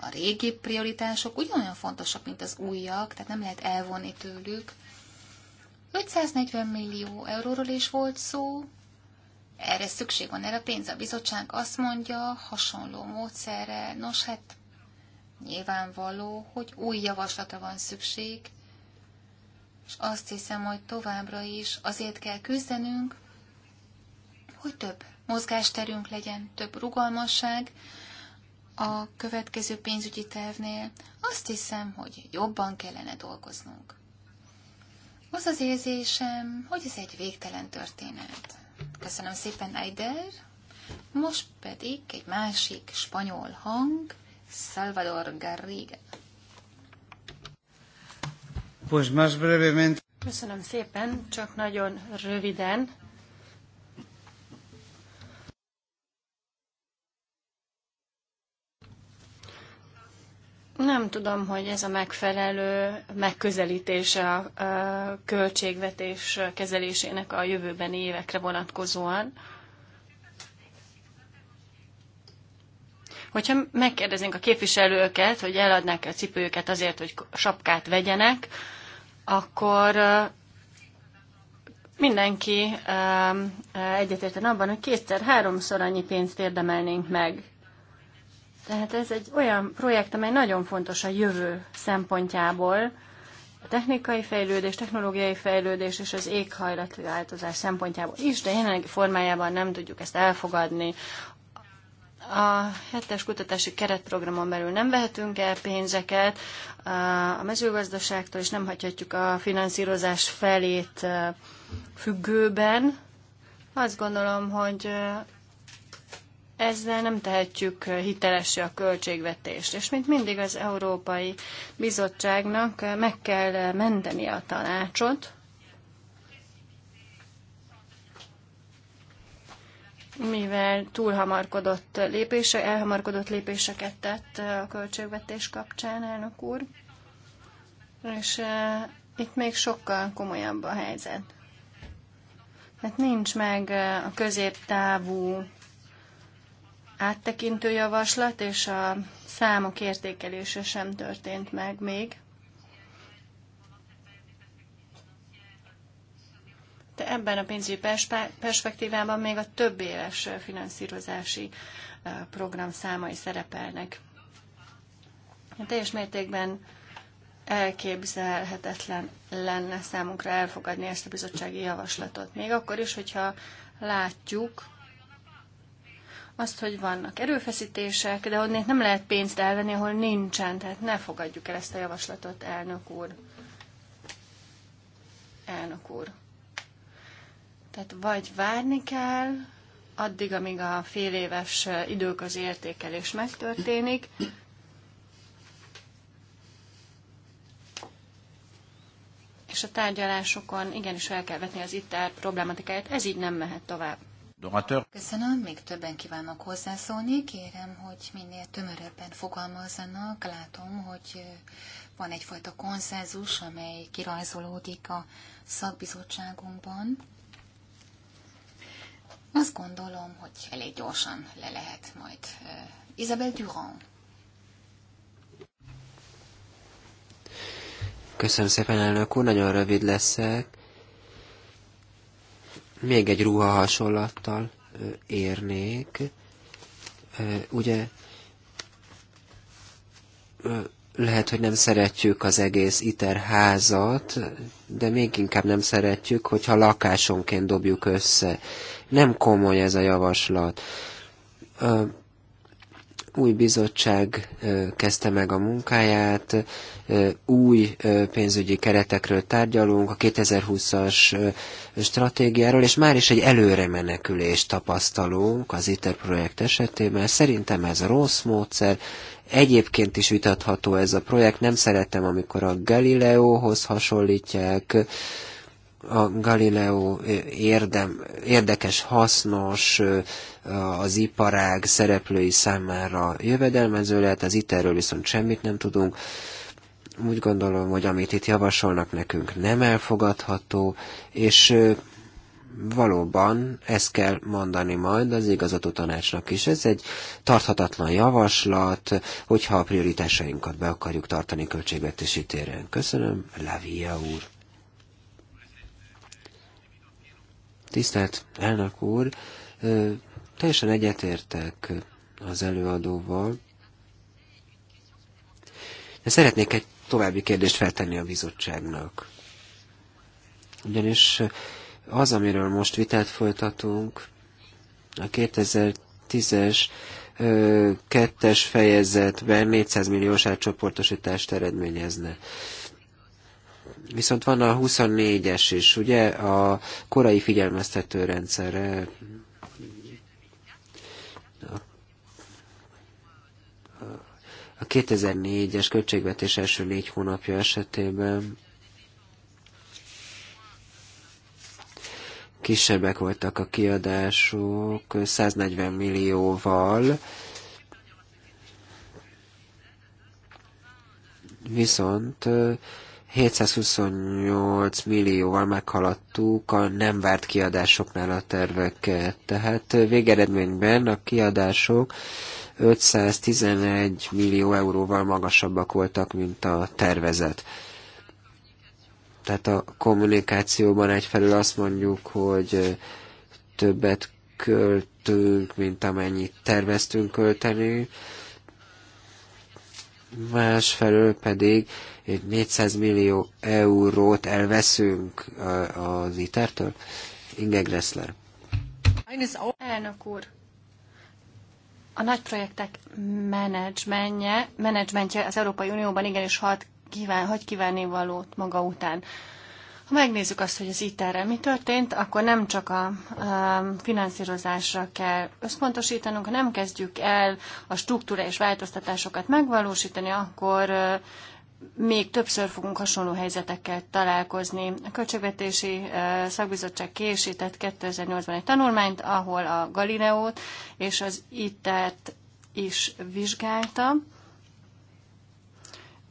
A régi prioritások ugyanolyan fontosak, mint az újak, tehát nem lehet elvonni tőlük. 540 millió euróról is volt szó, erre szükség van erre a pénz. A bizottság azt mondja, hasonló módszerre, nos hát nyilvánvaló, hogy új javaslatra van szükség, és azt hiszem, hogy továbbra is azért kell küzdenünk, hogy több mozgásterünk legyen, több rugalmasság a következő pénzügyi tervnél. Azt hiszem, hogy jobban kellene dolgoznunk. Az az érzésem, hogy ez egy végtelen történet. Köszönöm szépen, Eider. Most pedig egy másik spanyol hang, Salvador Garriga. Pues más brevemente. Köszönöm szépen, csak nagyon röviden. Nem tudom, hogy ez a megfelelő megközelítése a költségvetés kezelésének a jövőbeni évekre vonatkozóan. Hogyha megkérdeznénk a képviselőket, hogy eladnák -e a cipőjüket azért, hogy sapkát vegyenek, akkor mindenki egyetértene abban, hogy kétszer-háromszor annyi pénzt érdemelnénk meg tehát ez egy olyan projekt, amely nagyon fontos a jövő szempontjából, a technikai fejlődés, technológiai fejlődés és az változás szempontjából is, de jelenlegi formájában nem tudjuk ezt elfogadni. A hetes kutatási keretprogramon belül nem vehetünk el pénzeket a mezőgazdaságtól, és nem hagyhatjuk a finanszírozás felét függőben. Azt gondolom, hogy ezzel nem tehetjük hitelesi a költségvetést. És mint mindig az Európai Bizottságnak meg kell menteni a tanácsot, mivel túl hamarkodott, lépése, elhamarkodott lépéseket tett a költségvetés kapcsán, elnök úr. És e, itt még sokkal komolyabb a helyzet. Mert hát nincs meg e, a középtávú áttekintő javaslat, és a számok értékelése sem történt meg még. De ebben a pénzügyi perspektívában még a több éves finanszírozási program számai szerepelnek. Hát teljes mértékben elképzelhetetlen lenne számunkra elfogadni ezt a bizottsági javaslatot. Még akkor is, hogyha látjuk, azt, hogy vannak erőfeszítések, de onnét nem lehet pénzt elvenni, ahol nincsen, tehát ne fogadjuk el ezt a javaslatot, elnök úr. Elnök úr. Tehát vagy várni kell, addig, amíg a fél éves az értékelés megtörténik, és a tárgyalásokon igenis el kell vetni az itt problématikáját, ez így nem mehet tovább. Köszönöm, még többen kívánok hozzászólni. Kérem, hogy minél tömörebben fogalmazzanak. Látom, hogy van egyfajta konszenzus, amely kirajzolódik a szakbizottságunkban. Azt gondolom, hogy elég gyorsan le lehet majd. Isabel Durand. Köszönöm szépen, elnök úr, nagyon rövid leszek. Még egy ruha hasonlattal érnék. Ugye lehet, hogy nem szeretjük az egész ITER házat, de még inkább nem szeretjük, hogyha lakásonként dobjuk össze. Nem komoly ez a javaslat új bizottság kezdte meg a munkáját, új pénzügyi keretekről tárgyalunk, a 2020-as stratégiáról, és már is egy előre menekülést tapasztalunk az ITER projekt esetében. Szerintem ez a rossz módszer, Egyébként is vitatható ez a projekt, nem szeretem, amikor a Galileóhoz hasonlítják, a Galileo érdem, érdekes, hasznos az iparág szereplői számára jövedelmező lehet, az iterről viszont semmit nem tudunk. Úgy gondolom, hogy amit itt javasolnak nekünk nem elfogadható, és valóban ezt kell mondani majd az igazató tanácsnak is. Ez egy tarthatatlan javaslat, hogyha a prioritásainkat be akarjuk tartani költségvetési téren. Köszönöm, Lavia úr! Tisztelt elnök úr, teljesen egyetértek az előadóval, de szeretnék egy további kérdést feltenni a bizottságnak. Ugyanis az, amiről most vitát folytatunk, a 2010-es kettes fejezetben 400 milliós átcsoportosítást eredményezne. Viszont van a 24-es is, ugye, a korai figyelmeztető rendszerre. A 2004-es költségvetés első négy hónapja esetében kisebbek voltak a kiadások 140 millióval, viszont 728 millióval meghaladtuk a nem várt kiadásoknál a terveket. Tehát végeredményben a kiadások 511 millió euróval magasabbak voltak, mint a tervezet. Tehát a kommunikációban egyfelől azt mondjuk, hogy többet költünk, mint amennyit terveztünk költeni, másfelől pedig 400 millió eurót elveszünk az ITER-től. Inge Gressler. Elnök úr, a nagy projektek menedzsmentje, menedzsmentje az Európai Unióban igenis hat kíván, hagy kívánni valót maga után. Ha megnézzük azt, hogy az iter re mi történt, akkor nem csak a finanszírozásra kell összpontosítanunk, ha nem kezdjük el a struktúra és változtatásokat megvalósítani, akkor még többször fogunk hasonló helyzetekkel találkozni. A Költségvetési Szakbizottság készített 2008-ban egy tanulmányt, ahol a Galileót és az ITER-t is vizsgálta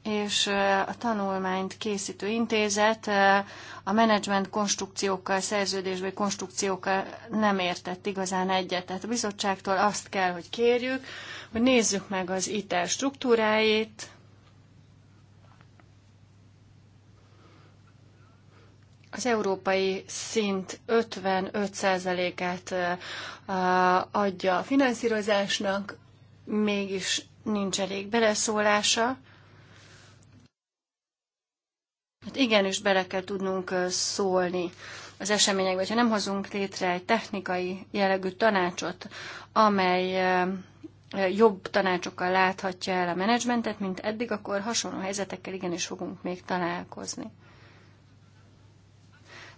és a tanulmányt készítő intézet a menedzsment konstrukciókkal, szerződésbeli konstrukciókkal nem értett igazán egyet. Tehát a bizottságtól azt kell, hogy kérjük, hogy nézzük meg az ITER struktúráit, az európai szint 55%-át adja a finanszírozásnak, mégis nincs elég beleszólása. Hát igenis bele kell tudnunk szólni az eseményekbe. hogyha nem hozunk létre egy technikai jellegű tanácsot, amely jobb tanácsokkal láthatja el a menedzsmentet, mint eddig, akkor hasonló helyzetekkel igenis fogunk még találkozni.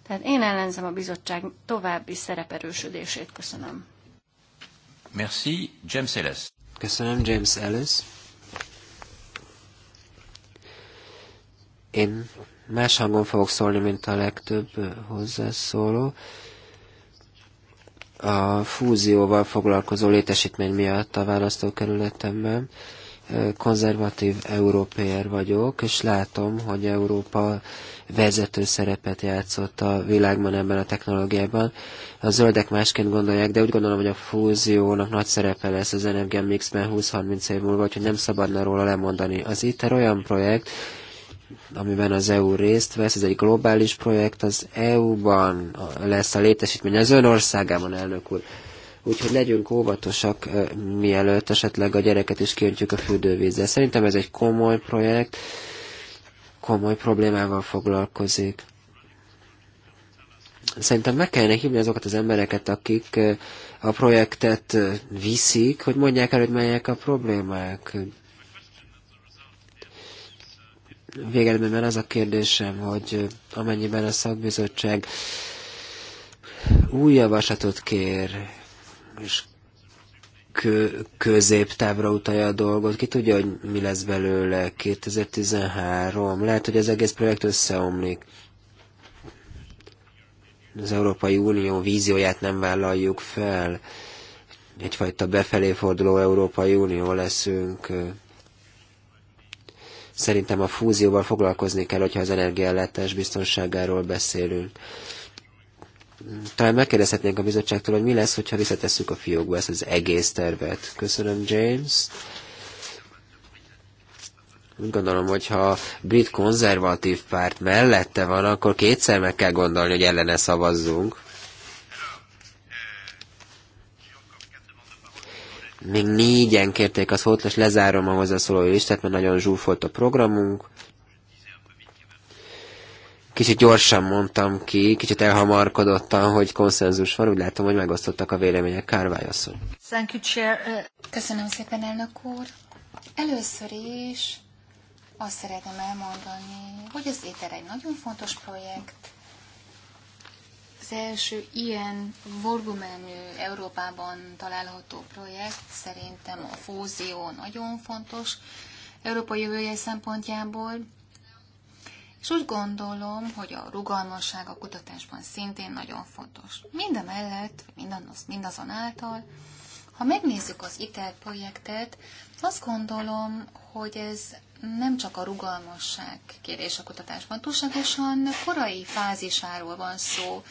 Tehát én ellenzem a bizottság további szereperősödését. Köszönöm. Merci, James Ellis. Köszönöm, James Ellis. Én Más hangon fogok szólni, mint a legtöbb hozzászóló. A fúzióval foglalkozó létesítmény miatt a választókerületemben konzervatív európér vagyok, és látom, hogy Európa vezető szerepet játszott a világban ebben a technológiában. A zöldek másként gondolják, de úgy gondolom, hogy a fúziónak nagy szerepe lesz az energiamixben 20-30 év múlva, úgyhogy nem szabadna róla lemondani. Az ITER olyan projekt, amiben az EU részt vesz, ez egy globális projekt, az EU-ban lesz a létesítmény, az ön országában, elnök úr. Úgyhogy legyünk óvatosak, mielőtt esetleg a gyereket is kiöntjük a fürdővízzel. Szerintem ez egy komoly projekt, komoly problémával foglalkozik. Szerintem meg kellene hívni azokat az embereket, akik a projektet viszik, hogy mondják el, hogy melyek a problémák. Végeredményben az a kérdésem, hogy amennyiben a szakbizottság új javaslatot kér, és kö- középtávra utalja a dolgot, ki tudja, hogy mi lesz belőle 2013, lehet, hogy az egész projekt összeomlik. Az Európai Unió vízióját nem vállaljuk fel, egyfajta befelé forduló Európai Unió leszünk, Szerintem a fúzióval foglalkozni kell, hogyha az energiállátás biztonságáról beszélünk. Talán megkérdezhetnénk a bizottságtól, hogy mi lesz, hogyha visszatesszük a fiókba ezt az egész tervet. Köszönöm, James úgy gondolom, hogy ha brit konzervatív párt mellette van, akkor kétszer meg kell gondolni, hogy ellene szavazzunk. Még négyen kérték a szót, és lezárom a hozzászóló listát, mert nagyon zsúfolt a programunk. Kicsit gyorsan mondtam ki, kicsit elhamarkodottan, hogy konszenzus van. Úgy látom, hogy megosztottak a vélemények. Kárvály asszony. Uh, Köszönöm szépen, elnök úr. Először is azt szeretném elmondani, hogy az éter egy nagyon fontos projekt, első ilyen volumenű Európában található projekt szerintem a fózió nagyon fontos Európa jövője szempontjából. És úgy gondolom, hogy a rugalmasság a kutatásban szintén nagyon fontos. minden mellett, mindazonáltal, ha megnézzük az ITER projektet, azt gondolom, hogy ez nem csak a rugalmasság kérdés a kutatásban, túlságosan korai fázisáról van szó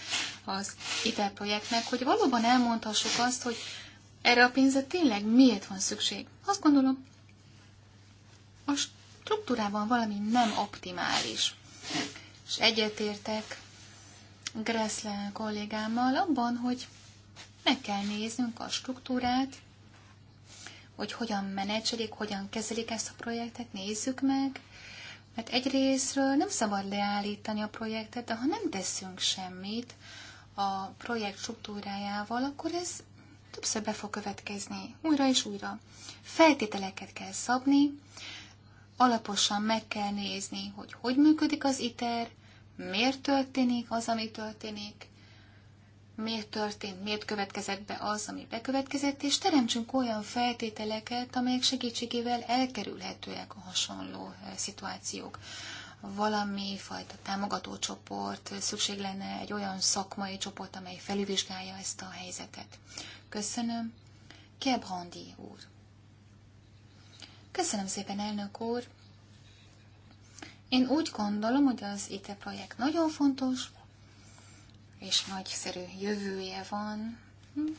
az ITER projektnek, hogy valóban elmondhassuk azt, hogy erre a pénzre tényleg miért van szükség. Azt gondolom, a struktúrában valami nem optimális. És egyetértek Gressle kollégámmal abban, hogy meg kell néznünk a struktúrát, hogy hogyan menedzselik, hogyan kezelik ezt a projektet, nézzük meg. Mert egyrésztről nem szabad leállítani a projektet, de ha nem teszünk semmit a projekt struktúrájával, akkor ez többször be fog következni, újra és újra. Feltételeket kell szabni, alaposan meg kell nézni, hogy hogy működik az ITER, miért történik az, ami történik, miért történt, miért következett be az, ami bekövetkezett, és teremtsünk olyan feltételeket, amelyek segítségével elkerülhetőek a hasonló szituációk. Valami fajta támogató csoport, szükség lenne egy olyan szakmai csoport, amely felülvizsgálja ezt a helyzetet. Köszönöm. Handi úr. Köszönöm szépen, elnök úr. Én úgy gondolom, hogy az IT e projekt nagyon fontos, és nagyszerű jövője van,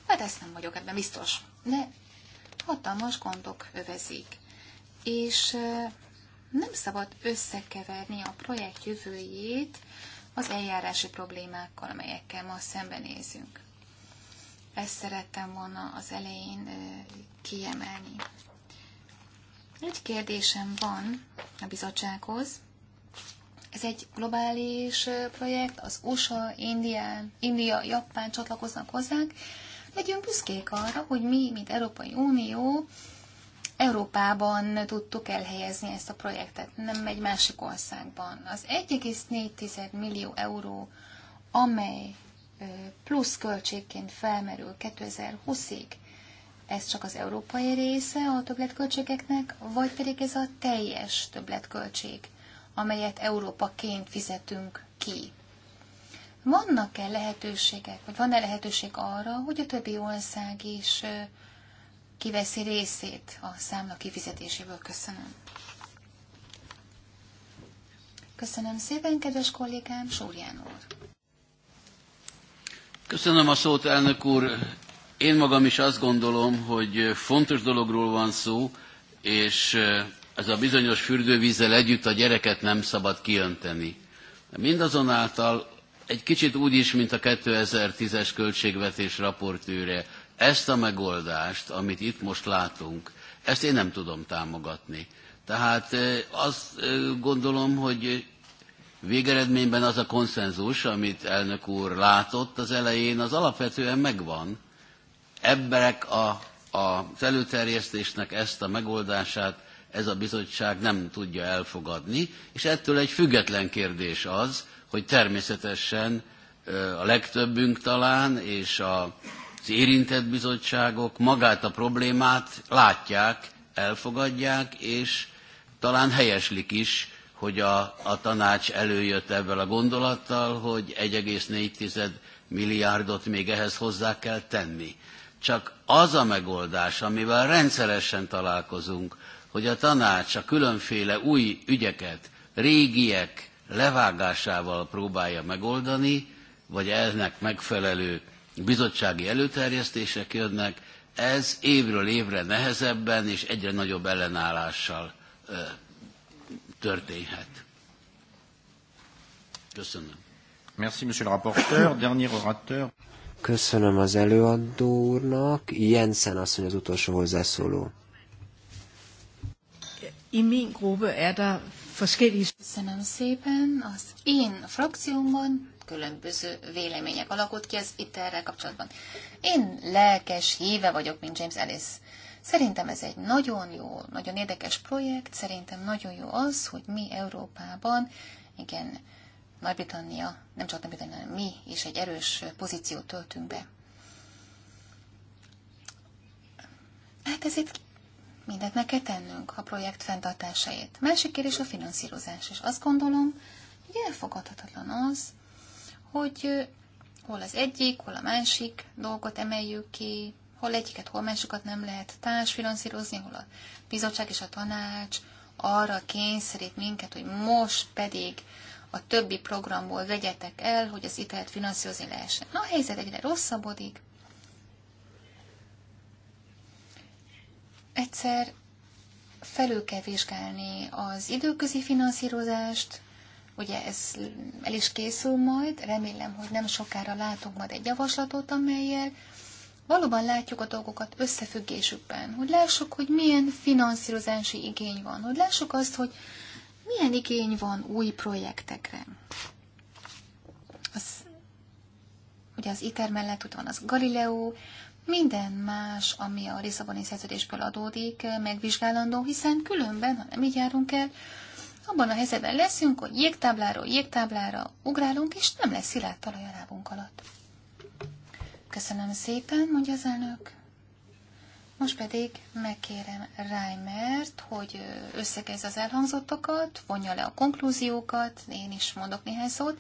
hát ezt nem vagyok ebben biztos, de hatalmas gondok övezik. És nem szabad összekeverni a projekt jövőjét az eljárási problémákkal, amelyekkel ma szembenézünk. Ezt szerettem volna az elején kiemelni. Egy kérdésem van a bizottsághoz, ez egy globális projekt, az USA, Indián, India, Japán csatlakoznak hozzánk. Legyünk büszkék arra, hogy mi, mint Európai Unió, Európában tudtuk elhelyezni ezt a projektet, nem egy másik országban. Az 1,4 millió euró, amely plusz költségként felmerül 2020-ig, ez csak az európai része a többletköltségeknek, vagy pedig ez a teljes többletköltség amelyet Európaként fizetünk ki. Vannak-e lehetőségek, vagy van-e lehetőség arra, hogy a többi ország is kiveszi részét a számla kifizetéséből? Köszönöm. Köszönöm szépen, kedves kollégám, Súrján úr. Köszönöm a szót, elnök úr. Én magam is azt gondolom, hogy fontos dologról van szó, és ez a bizonyos fürdővízzel együtt a gyereket nem szabad kiönteni. Mindazonáltal egy kicsit úgy is, mint a 2010-es költségvetés raportőre, ezt a megoldást, amit itt most látunk, ezt én nem tudom támogatni. Tehát azt gondolom, hogy végeredményben az a konszenzus, amit elnök úr látott az elején, az alapvetően megvan. Emberek a, a, előterjesztésnek ezt a megoldását ez a bizottság nem tudja elfogadni, és ettől egy független kérdés az, hogy természetesen a legtöbbünk talán, és az érintett bizottságok magát a problémát látják, elfogadják, és talán helyeslik is, hogy a, a tanács előjött ebből a gondolattal, hogy 1,4 milliárdot még ehhez hozzá kell tenni. Csak az a megoldás, amivel rendszeresen találkozunk hogy a tanács a különféle új ügyeket régiek levágásával próbálja megoldani, vagy ennek megfelelő bizottsági előterjesztések jönnek, ez évről évre nehezebben és egyre nagyobb ellenállással ö, történhet. Köszönöm. Merci, monsieur le rapporteur. Dernier orateur. Köszönöm az előadó úrnak. Jensen asszony az utolsó hozzászóló. I min gruppe er der forskellige... Köszönöm szépen. Az én frakciómban különböző vélemények alakult ki az iter erre kapcsolatban. Én lelkes híve vagyok, mint James Ellis. Szerintem ez egy nagyon jó, nagyon érdekes projekt, szerintem nagyon jó az, hogy mi Európában, igen, Nagy-Britannia, nem csak Nagy-Britannia, hanem mi is egy erős pozíciót töltünk be. Hát ez egy mindent meg kell tennünk a projekt fenntartásáért. Másik kérdés a finanszírozás, és azt gondolom, hogy elfogadhatatlan az, hogy hol az egyik, hol a másik dolgot emeljük ki, hol egyiket, hol másikat nem lehet társfinanszírozni, hol a bizottság és a tanács arra kényszerít minket, hogy most pedig a többi programból vegyetek el, hogy az italt finanszírozni lehessen. Na, a helyzet egyre rosszabbodik, egyszer felül kell vizsgálni az időközi finanszírozást, ugye ez el is készül majd, remélem, hogy nem sokára látunk majd egy javaslatot, amelyel valóban látjuk a dolgokat összefüggésükben, hogy lássuk, hogy milyen finanszírozási igény van, hogy lássuk azt, hogy milyen igény van új projektekre. Az, ugye az ITER mellett ott van az Galileo, minden más, ami a Lisszaboni szerződésből adódik, megvizsgálandó, hiszen különben, ha nem így járunk el, abban a helyzetben leszünk, hogy jégtábláról jégtáblára ugrálunk, és nem lesz szilárd talaj a lábunk alatt. Köszönöm szépen, mondja az elnök. Most pedig megkérem Reimert, hogy összegezze az elhangzottakat, vonja le a konklúziókat, én is mondok néhány szót.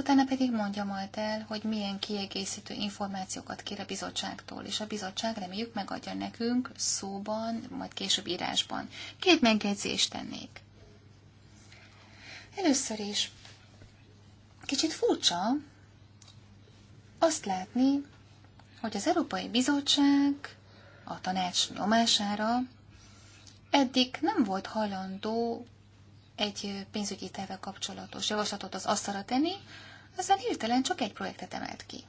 Utána pedig mondja majd el, hogy milyen kiegészítő információkat kér a bizottságtól, és a bizottság reméljük megadja nekünk szóban, majd később írásban. Két megjegyzést tennék. Először is kicsit furcsa azt látni, hogy az Európai Bizottság a tanács nyomására eddig nem volt hajlandó egy pénzügyi terve kapcsolatos javaslatot az asztalra tenni, aztán hirtelen csak egy projektet emelt ki.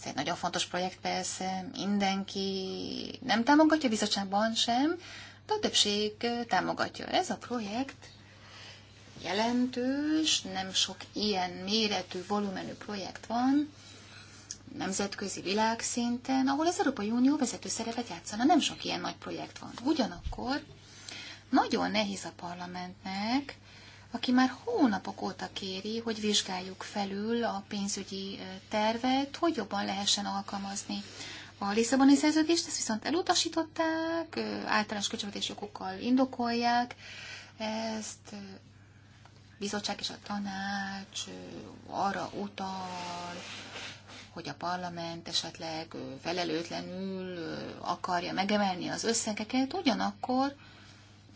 Ez egy nagyon fontos projekt persze, mindenki nem támogatja bizottságban sem, de a többség támogatja. Ez a projekt jelentős, nem sok ilyen méretű, volumenű projekt van, nemzetközi világszinten, ahol az Európai Unió vezető szerepet játszana, nem sok ilyen nagy projekt van. Ugyanakkor nagyon nehéz a parlamentnek aki már hónapok óta kéri, hogy vizsgáljuk felül a pénzügyi tervet, hogy jobban lehessen alkalmazni a Lisszaboni szerződést, ezt viszont elutasították, általános kölcsönvetési okokkal indokolják, ezt bizottság és a tanács arra utal, hogy a parlament esetleg felelőtlenül akarja megemelni az összegeket, ugyanakkor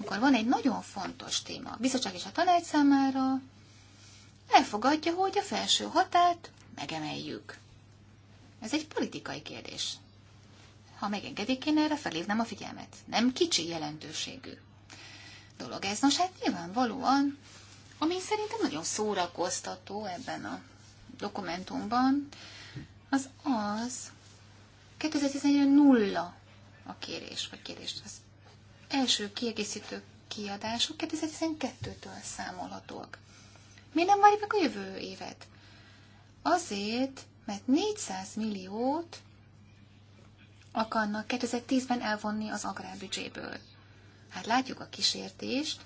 amikor van egy nagyon fontos téma a bizottság és a tanács számára, elfogadja, hogy a felső határt megemeljük. Ez egy politikai kérdés. Ha megengedik, én erre felhívnám a figyelmet. Nem kicsi jelentőségű dolog ez. Nos, hát nyilvánvalóan, ami szerintem nagyon szórakoztató ebben a dokumentumban, az az, 2011 nulla a kérés, vagy kérést, az első kiegészítő kiadások 2012-től számolhatóak. Miért nem várjuk meg a jövő évet? Azért, mert 400 milliót akarnak 2010-ben elvonni az agrárbüdzséből. Hát látjuk a kísértést,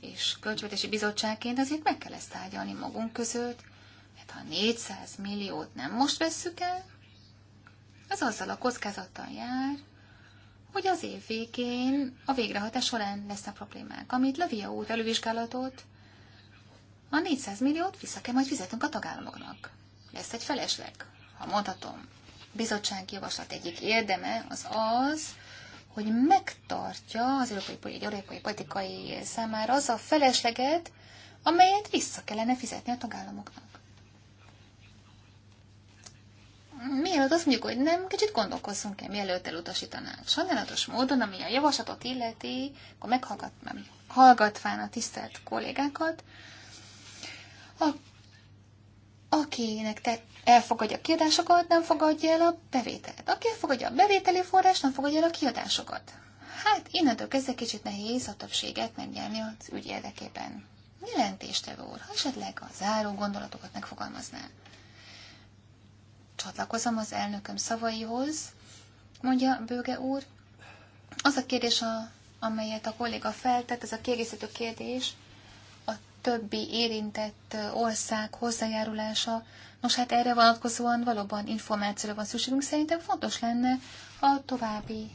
és költségvetési bizottságként azért meg kell ezt tárgyalni magunk között, mert hát ha 400 milliót nem most vesszük el, az azzal a kockázattal jár, hogy az év végén a végrehajtás során a problémák, amit a út elővizsgálatot, a 400 milliót vissza kell majd fizetünk a tagállamoknak. Lesz egy felesleg, ha mondhatom. Bizottság javaslat egyik érdeme az az, hogy megtartja az európai, egy európai politikai számára az a felesleget, amelyet vissza kellene fizetni a tagállamoknak. mielőtt azt mondjuk, hogy nem, kicsit gondolkozzunk el, mielőtt elutasítanánk. Sajnálatos módon, ami a javaslatot illeti, akkor meghallgatnám, hallgatván a tisztelt kollégákat, a, akinek te elfogadja a kiadásokat, nem fogadja el a bevételt. Aki elfogadja a bevételi forrás, nem fogadja el a kiadásokat. Hát innentől kezdve kicsit nehéz a többséget megnyerni az ügy érdekében. Jelentéstevő úr, ha esetleg a záró gondolatokat megfogalmazná csatlakozom az elnököm szavaihoz, mondja Bőge úr. Az a kérdés, a, amelyet a kolléga feltett, ez a kiegészítő kérdés, a többi érintett ország hozzájárulása. Nos, hát erre vonatkozóan valóban információra van szükségünk. Szerintem fontos lenne, ha további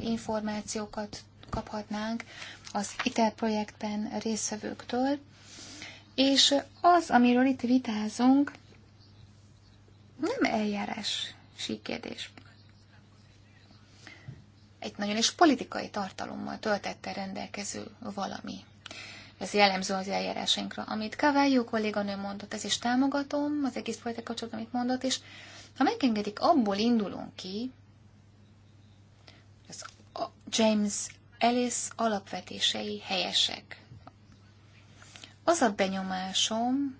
információkat kaphatnánk az ITER projektben részvevőktől. És az, amiről itt vitázunk, nem eljárás síkérdés. Egy nagyon is politikai tartalommal töltette rendelkező valami. Ez jellemző az eljárásainkra. Amit Kavályó kolléganő mondott, ez is támogatom, az egész politika kapcsolat, amit mondott, és ha megengedik, abból indulunk ki, az James Ellis alapvetései helyesek. Az a benyomásom,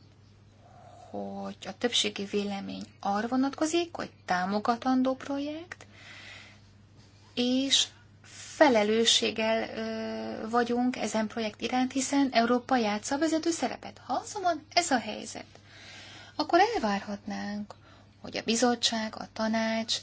hogy a többségi vélemény arra vonatkozik, hogy támogatandó projekt, és felelősséggel ö, vagyunk ezen projekt iránt, hiszen Európa játsza a vezető szerepet. Ha azonban ez a helyzet, akkor elvárhatnánk, hogy a bizottság, a tanács,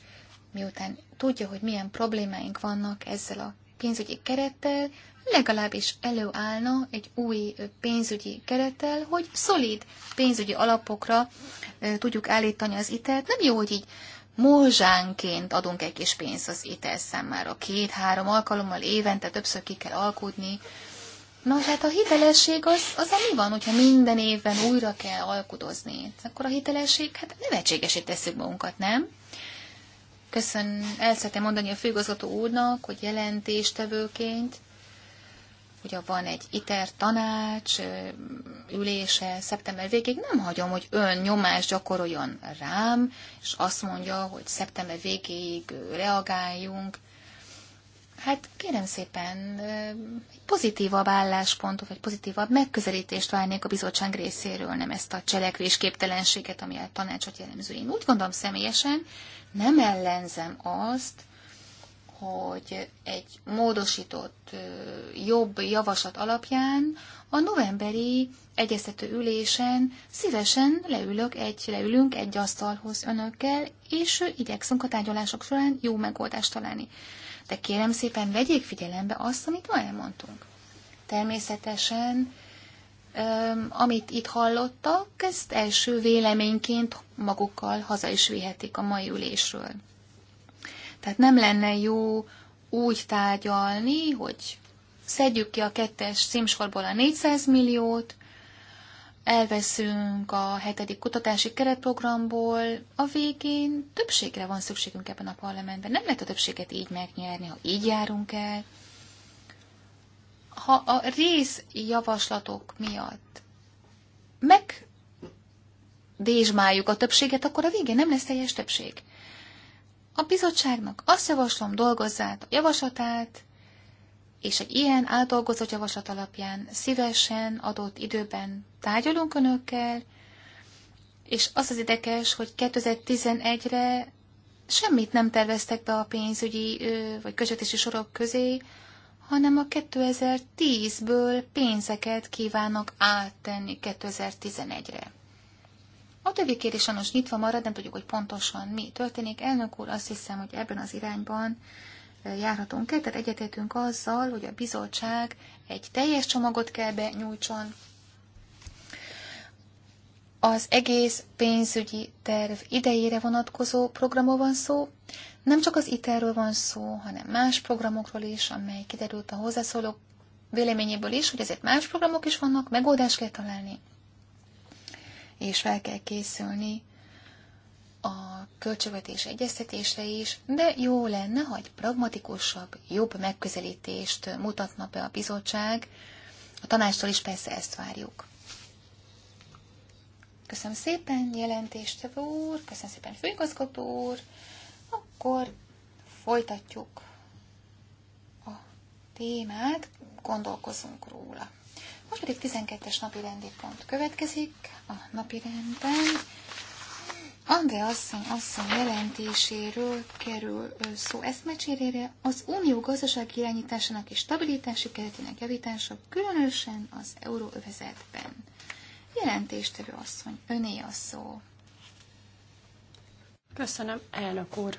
miután tudja, hogy milyen problémáink vannak ezzel a pénzügyi kerettel, legalábbis előállna egy új pénzügyi kerettel, hogy szolid pénzügyi alapokra tudjuk állítani az itelt. Nem jó, hogy így morzsánként adunk egy kis pénzt az itel számára. Két-három alkalommal évente többször ki kell alkudni. Na, hát a hitelesség az, az a mi van, hogyha minden évben újra kell alkudozni? Akkor a hitelesség, hát nevetségesé tesszük magunkat, nem? Köszön, el szeretném mondani a főgazgató úrnak, hogy jelentéstevőként ugye van egy ITER tanács ülése szeptember végéig, nem hagyom, hogy ön nyomást gyakoroljon rám, és azt mondja, hogy szeptember végéig reagáljunk. Hát kérem szépen, egy pozitívabb álláspontot, vagy pozitívabb megközelítést várnék a bizottság részéről, nem ezt a cselekvésképtelenséget, ami a tanácsot jellemző. Én úgy gondolom személyesen, nem ellenzem azt, hogy egy módosított jobb javaslat alapján a novemberi egyeztető ülésen szívesen leülök egy, leülünk egy asztalhoz önökkel, és igyekszünk a tárgyalások során jó megoldást találni. De kérem szépen vegyék figyelembe azt, amit ma elmondtunk. Természetesen, amit itt hallottak, ezt első véleményként magukkal haza is vihetik a mai ülésről. Tehát nem lenne jó úgy tárgyalni, hogy szedjük ki a kettes címsorból a 400 milliót, elveszünk a hetedik kutatási keretprogramból, a végén többségre van szükségünk ebben a parlamentben. Nem lehet a többséget így megnyerni, ha így járunk el. Ha a részjavaslatok miatt meg a többséget, akkor a végén nem lesz teljes többség. A bizottságnak azt javaslom, dolgozzát a javaslatát, és egy ilyen átdolgozott javaslat alapján szívesen, adott időben tárgyalunk önökkel, és az az érdekes, hogy 2011-re semmit nem terveztek be a pénzügyi vagy közvetési sorok közé, hanem a 2010-ből pénzeket kívánnak áttenni 2011-re. A többi kérdés sajnos nyitva marad, nem tudjuk, hogy pontosan mi történik. Elnök úr, azt hiszem, hogy ebben az irányban e, járhatunk el, tehát egyetértünk azzal, hogy a bizottság egy teljes csomagot kell benyújtson. Az egész pénzügyi terv idejére vonatkozó programról van szó, nem csak az ITER-ről van szó, hanem más programokról is, amely kiderült a hozzászólók véleményéből is, hogy ezért más programok is vannak, megoldást kell találni és fel kell készülni a költségvetés egyeztetésre is, de jó lenne, ha egy pragmatikusabb, jobb megközelítést mutatna be a bizottság. A tanástól is persze ezt várjuk. Köszönöm szépen, jelentéstevő úr, köszönöm szépen, főigazgató úr. Akkor folytatjuk a témát, gondolkozunk róla. Most pedig 12-es napi rendi pont következik a napi rendben. André asszony, asszony jelentéséről kerül szó eszmecsérére az unió gazdasági irányításának és stabilitási keretének javítása, különösen az euróövezetben. Jelentéstevő asszony, öné a szó. Köszönöm, elnök úr.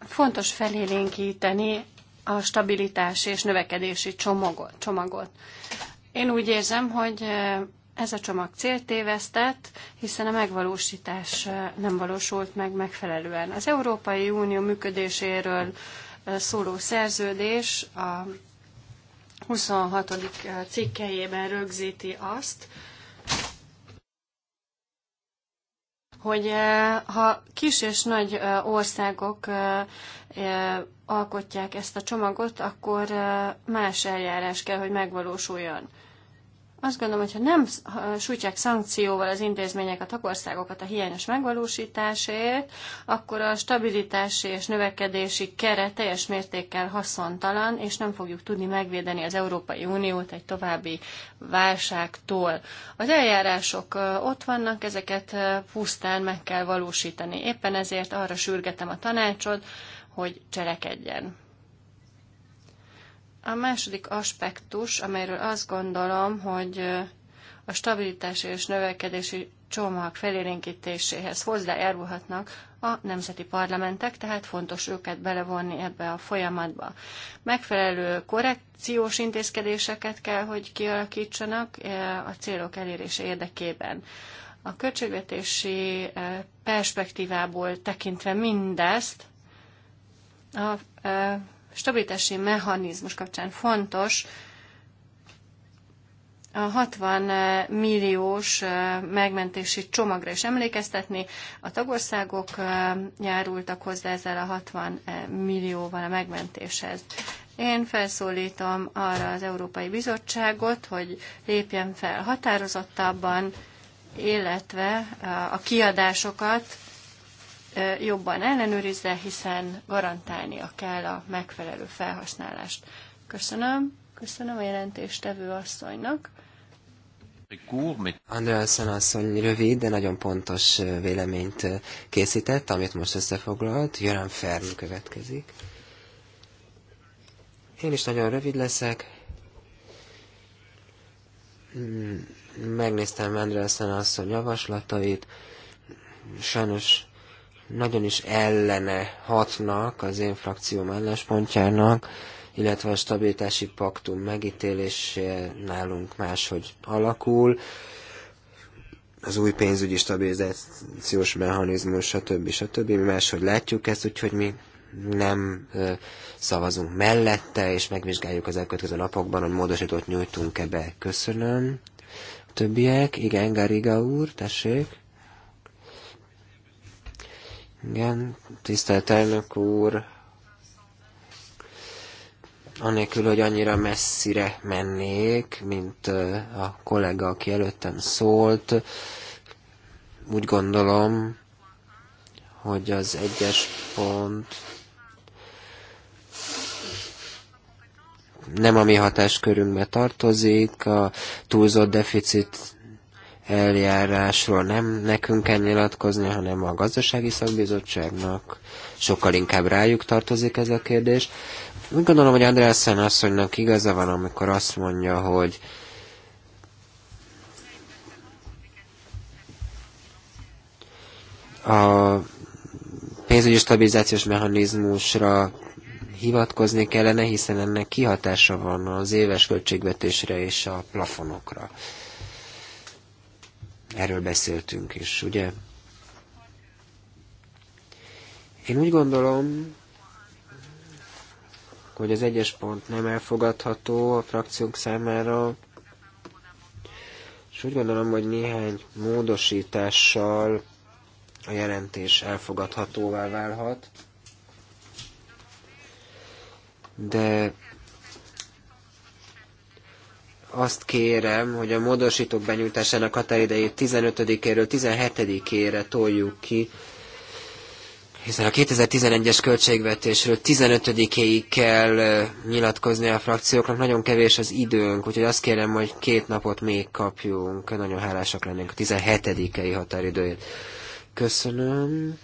Fontos felélénkíteni a stabilitási és növekedési csomagot. csomagot. Én úgy érzem, hogy ez a csomag céltévesztett, hiszen a megvalósítás nem valósult meg megfelelően. Az Európai Unió működéséről szóló szerződés a 26. cikkejében rögzíti azt, hogy eh, ha kis és nagy eh, országok eh, alkotják ezt a csomagot, akkor más eljárás kell, hogy megvalósuljon. Azt gondolom, hogy ha nem sújtják szankcióval az intézmények a tagországokat a hiányos megvalósításért, akkor a stabilitási és növekedési keret teljes mértékkel haszontalan, és nem fogjuk tudni megvédeni az Európai Uniót egy további válságtól. Az eljárások ott vannak, ezeket pusztán meg kell valósítani. Éppen ezért arra sürgetem a tanácsot, hogy cselekedjen. A második aspektus, amelyről azt gondolom, hogy a stabilitási és növekedési csomag felélénkítéséhez hozzájárulhatnak a nemzeti parlamentek, tehát fontos őket belevonni ebbe a folyamatba. Megfelelő korrekciós intézkedéseket kell, hogy kialakítsanak a célok elérése érdekében. A költségvetési perspektívából tekintve mindezt a stabilitási mechanizmus kapcsán fontos a 60 eh, milliós eh, megmentési csomagra is emlékeztetni. A tagországok eh, járultak hozzá ezzel a 60 millióval a megmentéshez. Én felszólítom arra az Európai Bizottságot, hogy lépjen fel határozottabban, illetve a kiadásokat jobban ellenőrizze, hiszen garantálnia kell a megfelelő felhasználást. Köszönöm, köszönöm a jelentéstevő asszonynak. Andreasen asszony rövid, de nagyon pontos véleményt készített, amit most összefoglalt. Jörán Fern következik. Én is nagyon rövid leszek. Mm, megnéztem Andreasen asszony javaslatait. Sajnos nagyon is ellene hatnak az én frakcióm álláspontjának, illetve a stabilitási paktum megítélésé nálunk máshogy alakul, az új pénzügyi stabilizációs mechanizmus, stb. stb. Mi máshogy látjuk ezt, úgyhogy mi nem ö, szavazunk mellette, és megvizsgáljuk az elkövetkező napokban, hogy módosítót nyújtunk ebbe. Köszönöm. A többiek, igen, Gariga úr, tessék. Igen, tisztelt elnök úr, anélkül, hogy annyira messzire mennék, mint a kollega, aki előttem szólt, úgy gondolom, hogy az egyes pont nem a mi hatáskörünkbe tartozik, a túlzott deficit eljárásról nem nekünk kell nyilatkozni, hanem a gazdasági szakbizottságnak. Sokkal inkább rájuk tartozik ez a kérdés. Úgy gondolom, hogy Andrászen asszonynak igaza van, amikor azt mondja, hogy a pénzügyi stabilizációs mechanizmusra hivatkozni kellene, hiszen ennek kihatása van az éves költségvetésre és a plafonokra. Erről beszéltünk is, ugye? Én úgy gondolom, hogy az egyes pont nem elfogadható a frakciók számára, és úgy gondolom, hogy néhány módosítással a jelentés elfogadhatóvá válhat, de azt kérem, hogy a módosítók benyújtásának határidejét 15-éről 17-ére toljuk ki, hiszen a 2011-es költségvetésről 15-éig kell nyilatkozni a frakcióknak, nagyon kevés az időnk, úgyhogy azt kérem, hogy két napot még kapjunk, nagyon hálásak lennénk a 17-ei határidőért. Köszönöm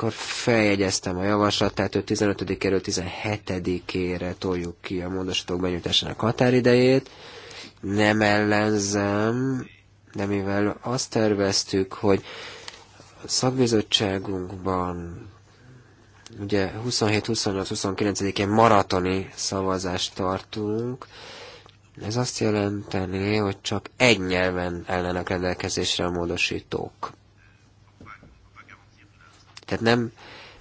akkor feljegyeztem a javaslatát, hogy 15 kerül 17-ére toljuk ki a módosítók benyújtásának határidejét. Nem ellenzem, de mivel azt terveztük, hogy a szakbizottságunkban ugye 27-28-29-én maratoni szavazást tartunk, ez azt jelenteni, hogy csak egy nyelven ellenek rendelkezésre a módosítók. Tehát nem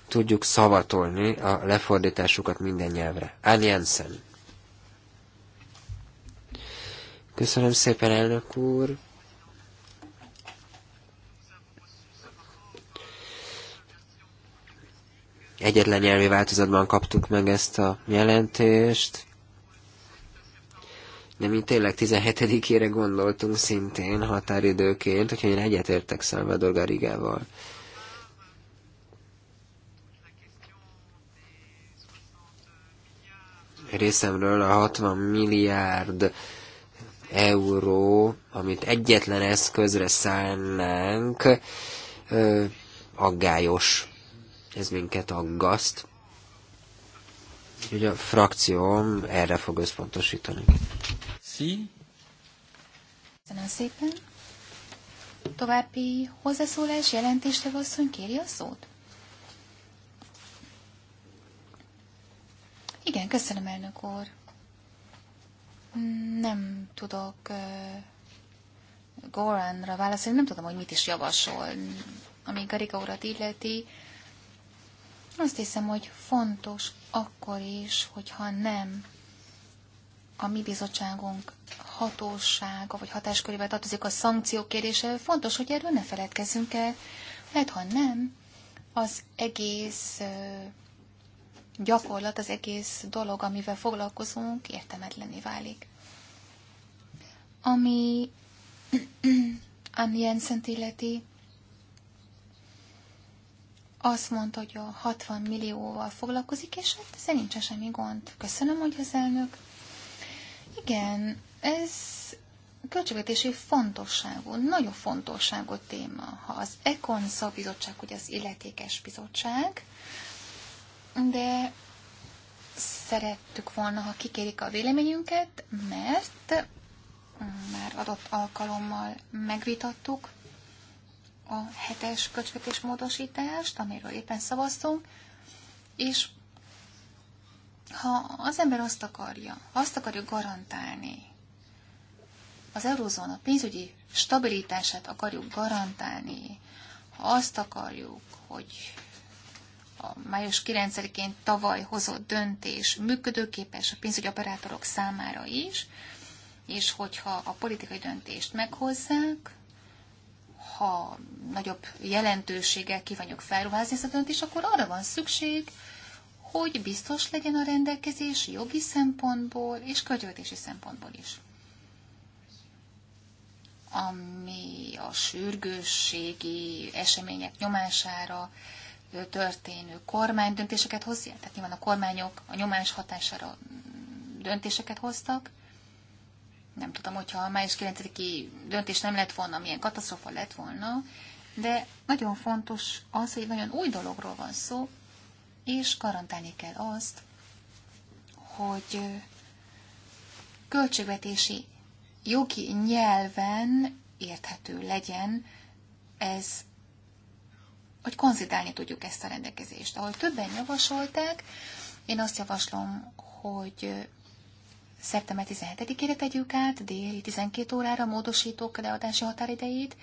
tudjuk szavatolni a lefordításukat minden nyelvre. Ann Jensen. Köszönöm szépen, elnök úr. Egyetlen nyelvi változatban kaptuk meg ezt a jelentést, de mi tényleg 17-ére gondoltunk szintén határidőként, hogyha én egyetértek Salvador Garigával. részemről a 60 milliárd euró, amit egyetlen eszközre szállnánk, aggályos. Ez minket aggaszt. Ugye a frakcióm erre fog összpontosítani. Szí? Köszönöm szépen. További hozzászólás jelentéstevő asszony kéri a szót? Igen, köszönöm, elnök úr. Nem tudok uh, Goranra válaszolni, nem tudom, hogy mit is javasol. Ami Garika urat illeti, azt hiszem, hogy fontos akkor is, hogyha nem a mi bizottságunk hatósága vagy hatáskörébe tartozik a szankciók kérdése, fontos, hogy erről ne feledkezzünk el, mert ha nem, az egész gyakorlat, az egész dolog, amivel foglalkozunk, értemetlené válik. Ami Anni Jensen illeti, azt mondta, hogy a 60 millióval foglalkozik, és hát ez nincsen semmi gond. Köszönöm, hogy az elnök. Igen, ez költségvetési fontosságú, nagyon fontosságú téma. Ha az ECON szabizottság, ugye az illetékes bizottság, de szerettük volna, ha kikérik a véleményünket, mert mm, már adott alkalommal megvitattuk a hetes köcsvetés módosítást, amiről éppen szavaztunk, és ha az ember azt akarja, azt akarja garantálni, az eurózóna pénzügyi stabilitását akarjuk garantálni, ha azt akarjuk, hogy a május 9-én tavaly hozott döntés működőképes a pénzügyi operátorok számára is, és hogyha a politikai döntést meghozzák, ha nagyobb jelentőséggel kívánjuk felruházni ezt a döntést, akkor arra van szükség, hogy biztos legyen a rendelkezés jogi szempontból és költségvetési szempontból is. Ami a sürgősségi események nyomására történő kormány döntéseket hoz, tehát nyilván a kormányok a nyomás hatására döntéseket hoztak. Nem tudom, hogyha a május 9-i döntés nem lett volna, milyen katasztrofa lett volna, de nagyon fontos az, hogy nagyon új dologról van szó, és garantálni kell azt, hogy költségvetési jogi nyelven érthető legyen ez hogy konzidálni tudjuk ezt a rendelkezést. Ahogy többen javasolták, én azt javaslom, hogy szeptember 17-ére tegyük át, déli 12 órára módosítók leadási határidejét.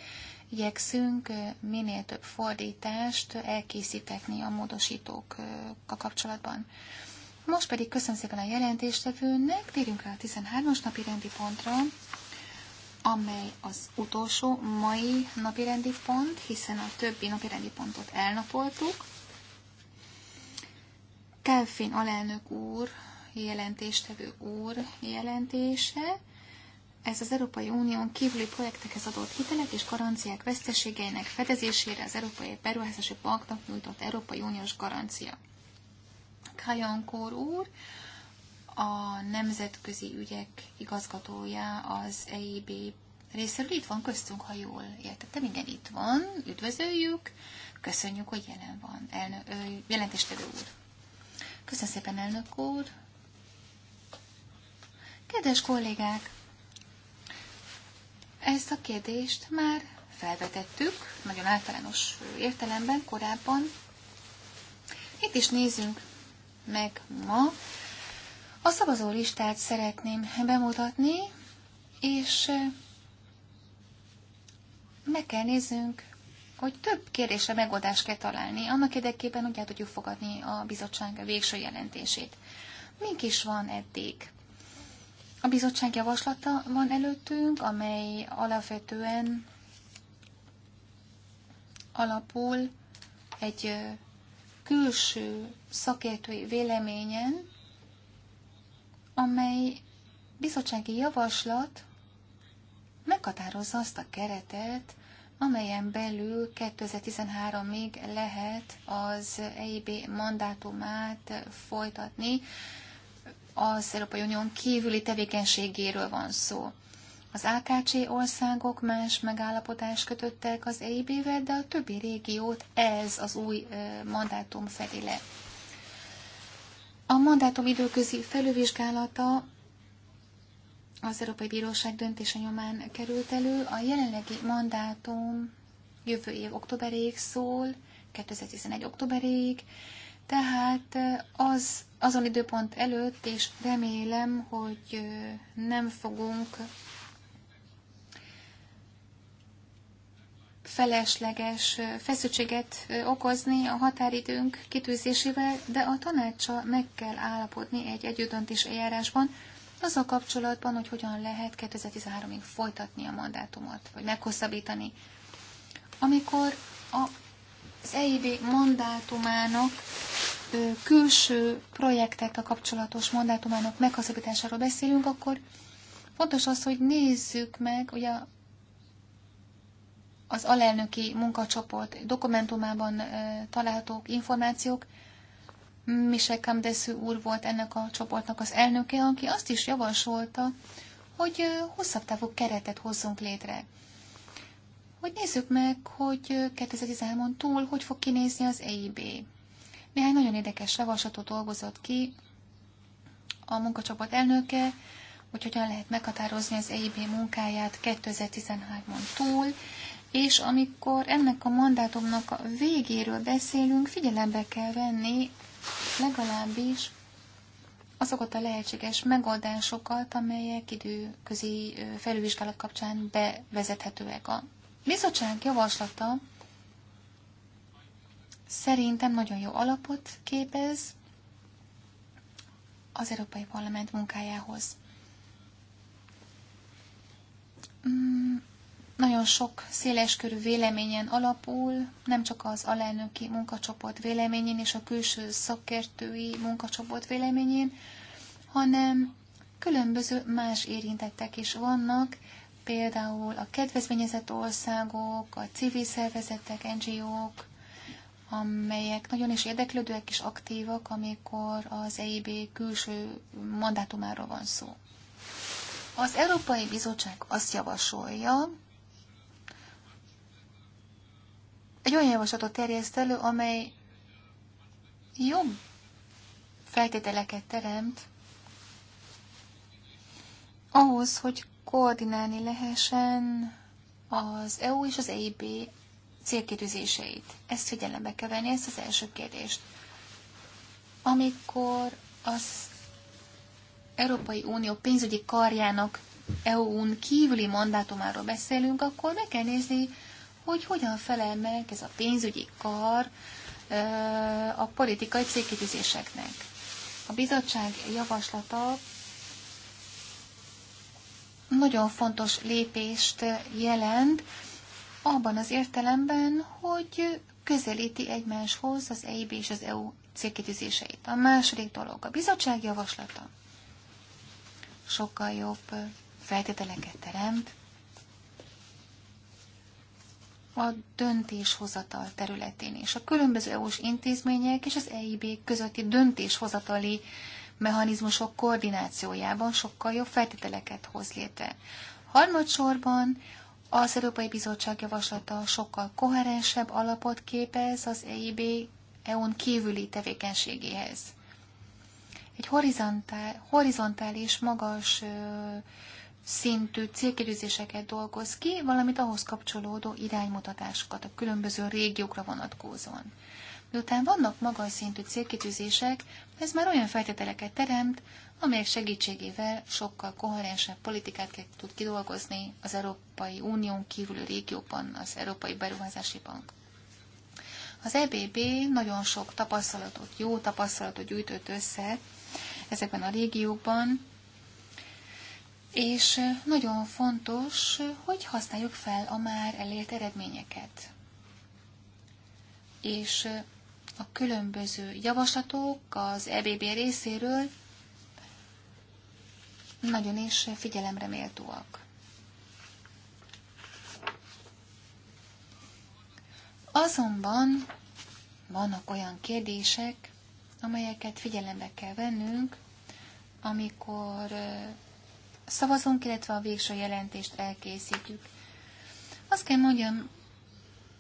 Igyekszünk minél több fordítást elkészíteni a módosítókkal kapcsolatban. Most pedig köszönöm szépen a jelentéstevőnek, térjünk rá a 13-as napi rendi pontra amely az utolsó mai napirendi pont, hiszen a többi napirendi pontot elnapoltuk. Kelfin alelnök úr, jelentéstevő úr jelentése. Ez az Európai Unión kívüli projektekhez adott hitelek és garanciák veszteségeinek fedezésére az Európai Beruházási Banknak nyújtott Európai Uniós garancia. Kajankor úr, a nemzetközi ügyek igazgatója az EIB részéről itt van köztünk, ha jól értettem. Igen, itt van, üdvözöljük, köszönjük, hogy jelen van, elnök, ö, jelentéstevő úr. Köszönöm szépen, elnök úr. Kedves kollégák, ezt a kérdést már felvetettük, nagyon általános értelemben korábban. Itt is nézzünk meg ma a szavazó listát szeretném bemutatni, és meg kell néznünk, hogy több kérdésre megoldást kell találni, annak érdekében, hogy el tudjuk fogadni a bizottság végső jelentését. Mink is van eddig? A bizottság javaslata van előttünk, amely alapvetően alapul egy külső szakértői véleményen, amely bizottsági javaslat meghatározza azt a keretet, amelyen belül 2013-ig lehet az EIB mandátumát folytatni. Az Európai Unión kívüli tevékenységéről van szó. Az AKC országok más megállapodást kötöttek az EIB-vel, de a többi régiót ez az új mandátum fedi le. A mandátum időközi felülvizsgálata az Európai Bíróság döntése nyomán került elő. A jelenlegi mandátum jövő év októberéig szól, 2011. októberéig, tehát az, azon időpont előtt, és remélem, hogy nem fogunk felesleges feszültséget okozni a határidőnk kitűzésével, de a tanácsa meg kell állapodni egy együttöntés eljárásban, azzal kapcsolatban, hogy hogyan lehet 2013-ig folytatni a mandátumot, vagy meghosszabbítani. Amikor a, az EIB mandátumának külső a kapcsolatos mandátumának meghosszabbításáról beszélünk, akkor fontos az, hogy nézzük meg, ugye az alelnöki munkacsoport dokumentumában találhatók információk. Michel Camdeszű úr volt ennek a csoportnak az elnöke, aki azt is javasolta, hogy hosszabb távú keretet hozzunk létre. Hogy nézzük meg, hogy 2013-on túl hogy fog kinézni az EIB. Néhány nagyon érdekes javaslatot dolgozott ki a munkacsoport elnöke, hogy hogyan lehet meghatározni az EIB munkáját 2013-on túl, és amikor ennek a mandátumnak a végéről beszélünk, figyelembe kell venni legalábbis azokat a lehetséges megoldásokat, amelyek időközi felülvizsgálat kapcsán bevezethetőek. A bizottság javaslata szerintem nagyon jó alapot képez az Európai Parlament munkájához mm, nagyon sok széleskörű véleményen alapul, nem csak az alelnöki munkacsoport véleményén és a külső szakértői munkacsoport véleményén, hanem különböző más érintettek is vannak, például a kedvezményezett országok, a civil szervezetek, NGO-k, amelyek nagyon is érdeklődőek és aktívak, amikor az EIB külső mandátumáról van szó. Az Európai Bizottság azt javasolja, egy olyan javaslatot terjeszt elő, amely jobb feltételeket teremt ahhoz, hogy koordinálni lehessen az EU és az EIB célkérdőzéseit. Ezt figyelembe kell venni, ezt az első kérdést. Amikor az Európai Unió pénzügyi karjának EU-n kívüli mandátumáról beszélünk, akkor meg kell nézni, hogy hogyan felel meg ez a pénzügyi kar a politikai célkitűzéseknek. A bizottság javaslata nagyon fontos lépést jelent abban az értelemben, hogy közelíti egymáshoz az EIB és az EU célkitűzéseit. A második dolog a bizottság javaslata. Sokkal jobb feltételeket teremt a döntéshozatal területén és a különböző EU-s intézmények és az EIB közötti döntéshozatali mechanizmusok koordinációjában sokkal jobb feltételeket hoz létre. Harmadsorban az Európai Bizottság javaslata sokkal koherensebb alapot képez az EIB EU-n kívüli tevékenységéhez. Egy horizontális, magas szintű célkérdőzéseket dolgoz ki, valamint ahhoz kapcsolódó iránymutatásokat a különböző régiókra vonatkozóan. Miután vannak magas szintű célkitűzések, ez már olyan feltételeket teremt, amelyek segítségével sokkal koherensebb politikát tud kidolgozni az Európai Unión kívüli régióban az Európai Beruházási Bank. Az EBB nagyon sok tapasztalatot, jó tapasztalatot gyűjtött össze ezekben a régiókban, és nagyon fontos, hogy használjuk fel a már elért eredményeket. És a különböző javaslatok az EBB részéről nagyon is figyelemre méltóak. Azonban vannak olyan kérdések, amelyeket figyelembe kell vennünk, amikor szavazunk, illetve a végső jelentést elkészítjük. Azt kell mondjam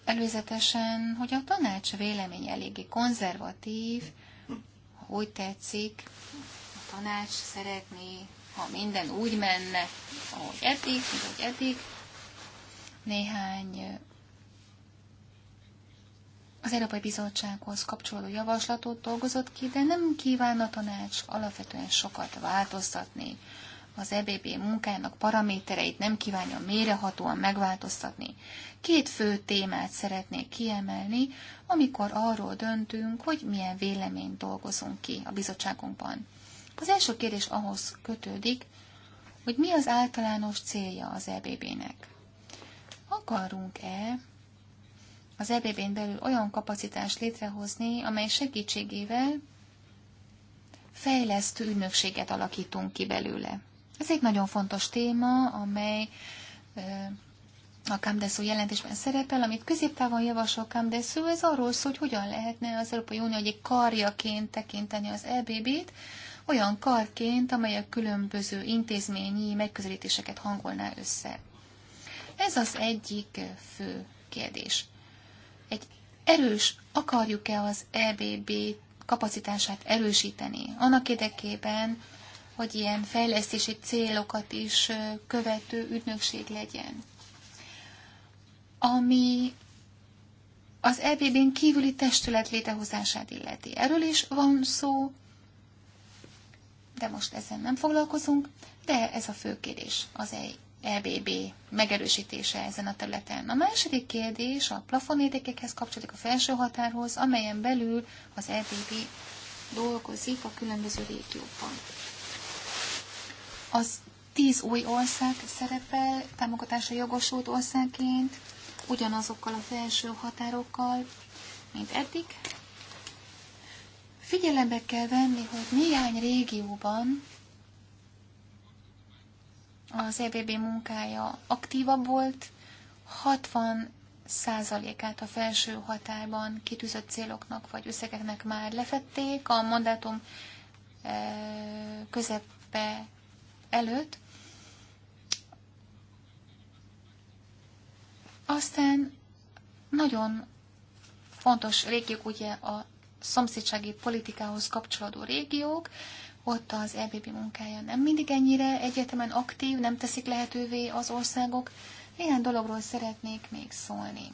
előzetesen, hogy a tanács vélemény eléggé konzervatív, ha úgy tetszik, a tanács szeretné, ha minden úgy menne, ahogy eddig, mint ahogy eddig, néhány az Európai Bizottsághoz kapcsolódó javaslatot dolgozott ki, de nem kíván a tanács alapvetően sokat változtatni az EBB munkának paramétereit nem kívánja mérehatóan megváltoztatni. Két fő témát szeretnék kiemelni, amikor arról döntünk, hogy milyen véleményt dolgozunk ki a bizottságunkban. Az első kérdés ahhoz kötődik, hogy mi az általános célja az EBB-nek. Akarunk-e az EBB-n belül olyan kapacitást létrehozni, amely segítségével fejlesztő ügynökséget alakítunk ki belőle. Ez egy nagyon fontos téma, amely a Kamdeszú jelentésben szerepel, amit középtávon javasol Kamdeszú, ez arról szól, hogy hogyan lehetne az Európai Unió egyik karjaként tekinteni az EBB-t, olyan karként, amely a különböző intézményi megközelítéseket hangolná össze. Ez az egyik fő kérdés. Egy erős, akarjuk-e az EBB kapacitását erősíteni? Annak érdekében, hogy ilyen fejlesztési célokat is követő ügynökség legyen. Ami az EBB-n kívüli testület létehozását illeti. Erről is van szó, de most ezen nem foglalkozunk, de ez a fő kérdés, az EBB e megerősítése ezen a területen. A második kérdés a plafonértékekhez kapcsolódik a felső határhoz, amelyen belül az EBB dolgozik a különböző régiókban az tíz új ország szerepel támogatásra jogosult országként, ugyanazokkal a felső határokkal, mint eddig. Figyelembe kell venni, hogy néhány régióban az EBB munkája aktívabb volt, 60 százalékát a felső határban kitűzött céloknak vagy összegeknek már lefették, a mandátum eh, közepe előtt. Aztán nagyon fontos régiók, ugye a szomszédsági politikához kapcsolódó régiók, ott az EBB munkája nem mindig ennyire egyetemen aktív, nem teszik lehetővé az országok. Néhány dologról szeretnék még szólni.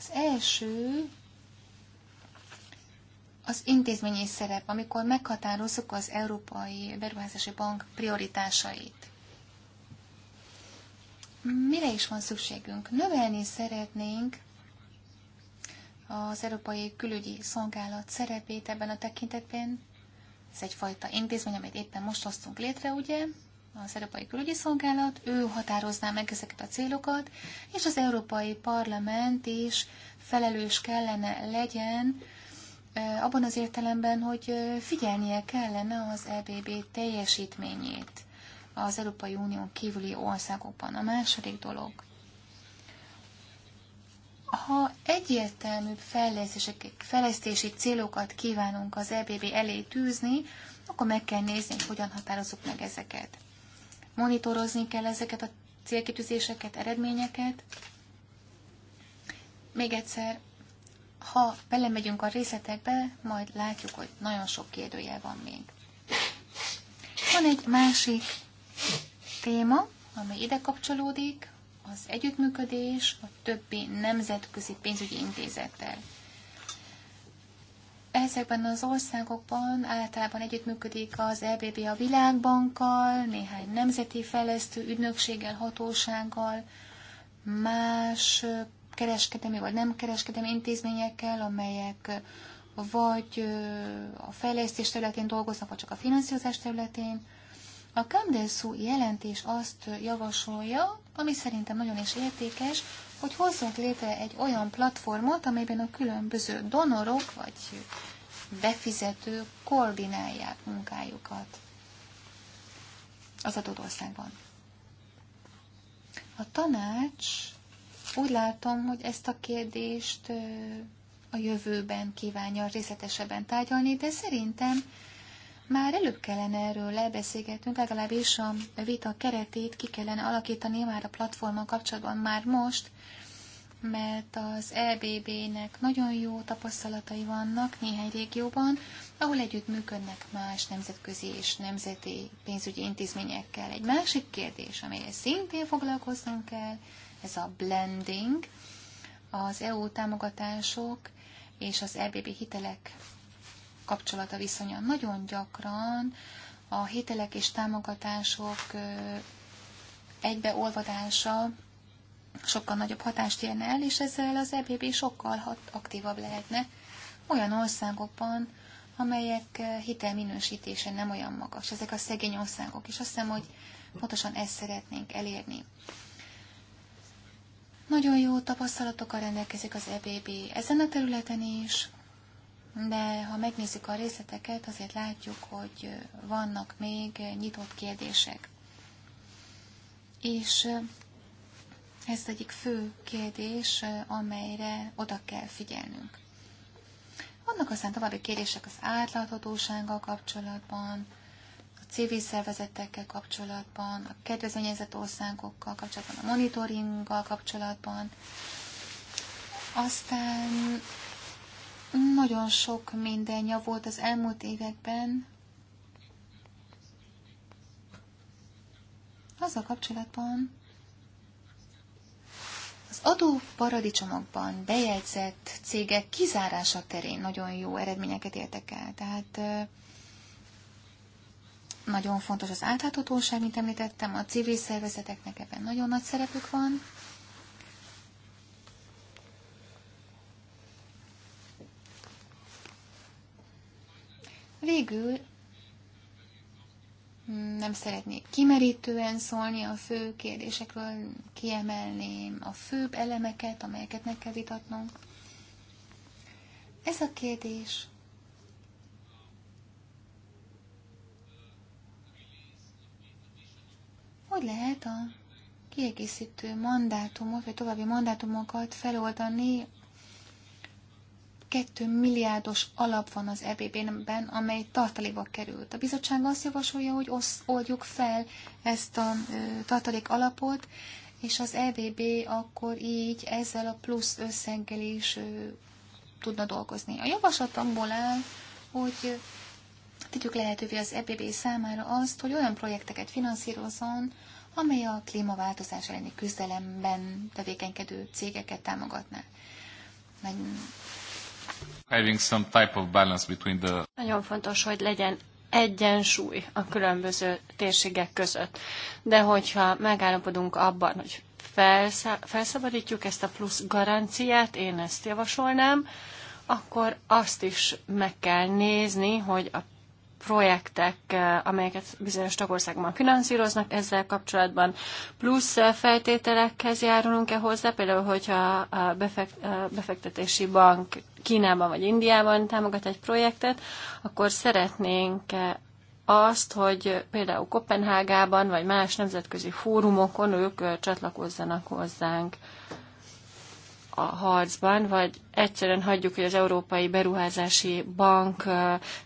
Az első az intézményi szerep, amikor meghatározzuk az Európai Beruházási Bank prioritásait. Mire is van szükségünk? Növelni szeretnénk az Európai Külügyi Szolgálat szerepét ebben a tekintetben. Ez egyfajta intézmény, amit éppen most hoztunk létre, ugye? Az Európai Külügyi Szolgálat, ő határozná meg ezeket a célokat, és az Európai Parlament is felelős kellene legyen abban az értelemben, hogy figyelnie kellene az EBB teljesítményét az Európai Unión kívüli országokban. A második dolog, ha egyértelműbb fejlesztési célokat kívánunk az EBB elé tűzni, akkor meg kell nézni, hogy hogyan határozzuk meg ezeket. Monitorozni kell ezeket a célkitűzéseket, eredményeket. Még egyszer, ha belemegyünk a részletekbe, majd látjuk, hogy nagyon sok kérdőjel van még. Van egy másik téma, amely ide kapcsolódik, az együttműködés a többi nemzetközi pénzügyi intézettel. Ezekben az országokban általában együttműködik az EBB a világbankkal, néhány nemzeti fejlesztő ügynökséggel, hatósággal, más kereskedelmi vagy nem kereskedelmi intézményekkel, amelyek vagy a fejlesztés területén dolgoznak, vagy csak a finanszírozás területén. A Kamdelszú jelentés azt javasolja, ami szerintem nagyon is értékes, hogy hozzunk létre egy olyan platformot, amelyben a különböző donorok vagy befizetők koordinálják munkájukat az adott országban. A tanács úgy látom, hogy ezt a kérdést a jövőben kívánja részletesebben tárgyalni, de szerintem már előbb kellene erről lebeszélgetnünk, legalábbis a vita keretét ki kellene alakítani már a platformon kapcsolatban már most, mert az EBB-nek nagyon jó tapasztalatai vannak néhány régióban, ahol együtt működnek más nemzetközi és nemzeti pénzügyi intézményekkel. Egy másik kérdés, amelyet szintén foglalkoznunk kell, ez a blending, az EU támogatások és az EBB hitelek kapcsolata viszonya. Nagyon gyakran a hitelek és támogatások egybeolvadása sokkal nagyobb hatást érne el, és ezzel az EBB sokkal hat, aktívabb lehetne olyan országokban, amelyek hitelminősítése nem olyan magas. Ezek a szegény országok, és azt hiszem, hogy pontosan ezt szeretnénk elérni. Nagyon jó tapasztalatokkal rendelkezik az EBB ezen a területen is, de ha megnézzük a részleteket, azért látjuk, hogy vannak még nyitott kérdések. És ez egyik fő kérdés, amelyre oda kell figyelnünk. Vannak aztán további kérdések az átláthatósággal kapcsolatban, civil szervezetekkel kapcsolatban, a kedvezményezett országokkal kapcsolatban, a monitoringgal kapcsolatban. Aztán nagyon sok minden volt az elmúlt években. az a kapcsolatban, az adóparadicsomokban bejegyzett cégek kizárása terén nagyon jó eredményeket értek el. Tehát nagyon fontos az átláthatóság, mint említettem, a civil szervezeteknek ebben nagyon nagy szerepük van. Végül nem szeretnék kimerítően szólni a fő kérdésekről, kiemelném a főbb elemeket, amelyeket meg kell vitatnunk. Ez a kérdés Hogy lehet a kiegészítő mandátumot, vagy további mandátumokat feloldani Kettő milliárdos alap van az EBB-ben, amely tartalékba került. A bizottság azt javasolja, hogy osz, oldjuk fel ezt a ö, tartalék alapot, és az EBB akkor így ezzel a plusz összeggel is ö, tudna dolgozni. A javaslatomból áll, hogy tegyük lehetővé az EBB számára azt, hogy olyan projekteket finanszírozzon, amely a klímaváltozás elleni küzdelemben tevékenykedő cégeket támogatná. Nagyon... Having some type of balance between the... Nagyon fontos, hogy legyen egyensúly a különböző térségek között. De hogyha megállapodunk abban, hogy felszabadítjuk ezt a plusz garanciát, én ezt javasolnám, akkor azt is meg kell nézni, hogy a projektek, eh, amelyeket bizonyos tagországban finanszíroznak ezzel kapcsolatban, plusz eh, feltételekhez járulunk-e hozzá, például, hogyha a befektetési bank Kínában vagy Indiában támogat egy projektet, akkor szeretnénk eh, azt, hogy például Kopenhágában vagy más nemzetközi fórumokon ők csatlakozzanak hozzánk a harcban, vagy egyszerűen hagyjuk, hogy az Európai Beruházási Bank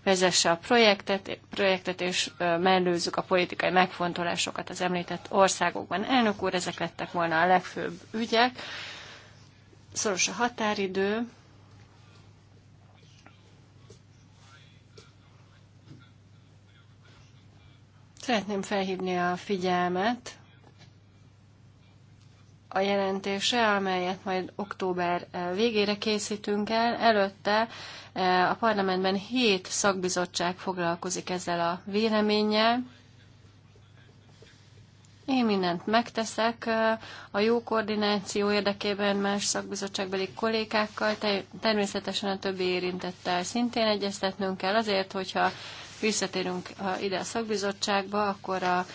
vezesse a projektet, projektet és mellőzzük a politikai megfontolásokat az említett országokban. Elnök úr, ezek lettek volna a legfőbb ügyek. Szoros a határidő. Szeretném felhívni a figyelmet a jelentése, amelyet majd október eh, végére készítünk el. Előtte eh, a parlamentben hét szakbizottság foglalkozik ezzel a véleménnyel. Én mindent megteszek eh, a jó koordináció érdekében más szakbizottságbeli kollégákkal, természetesen a többi érintettel szintén egyeztetnünk kell azért, hogyha visszatérünk ide a szakbizottságba, akkor a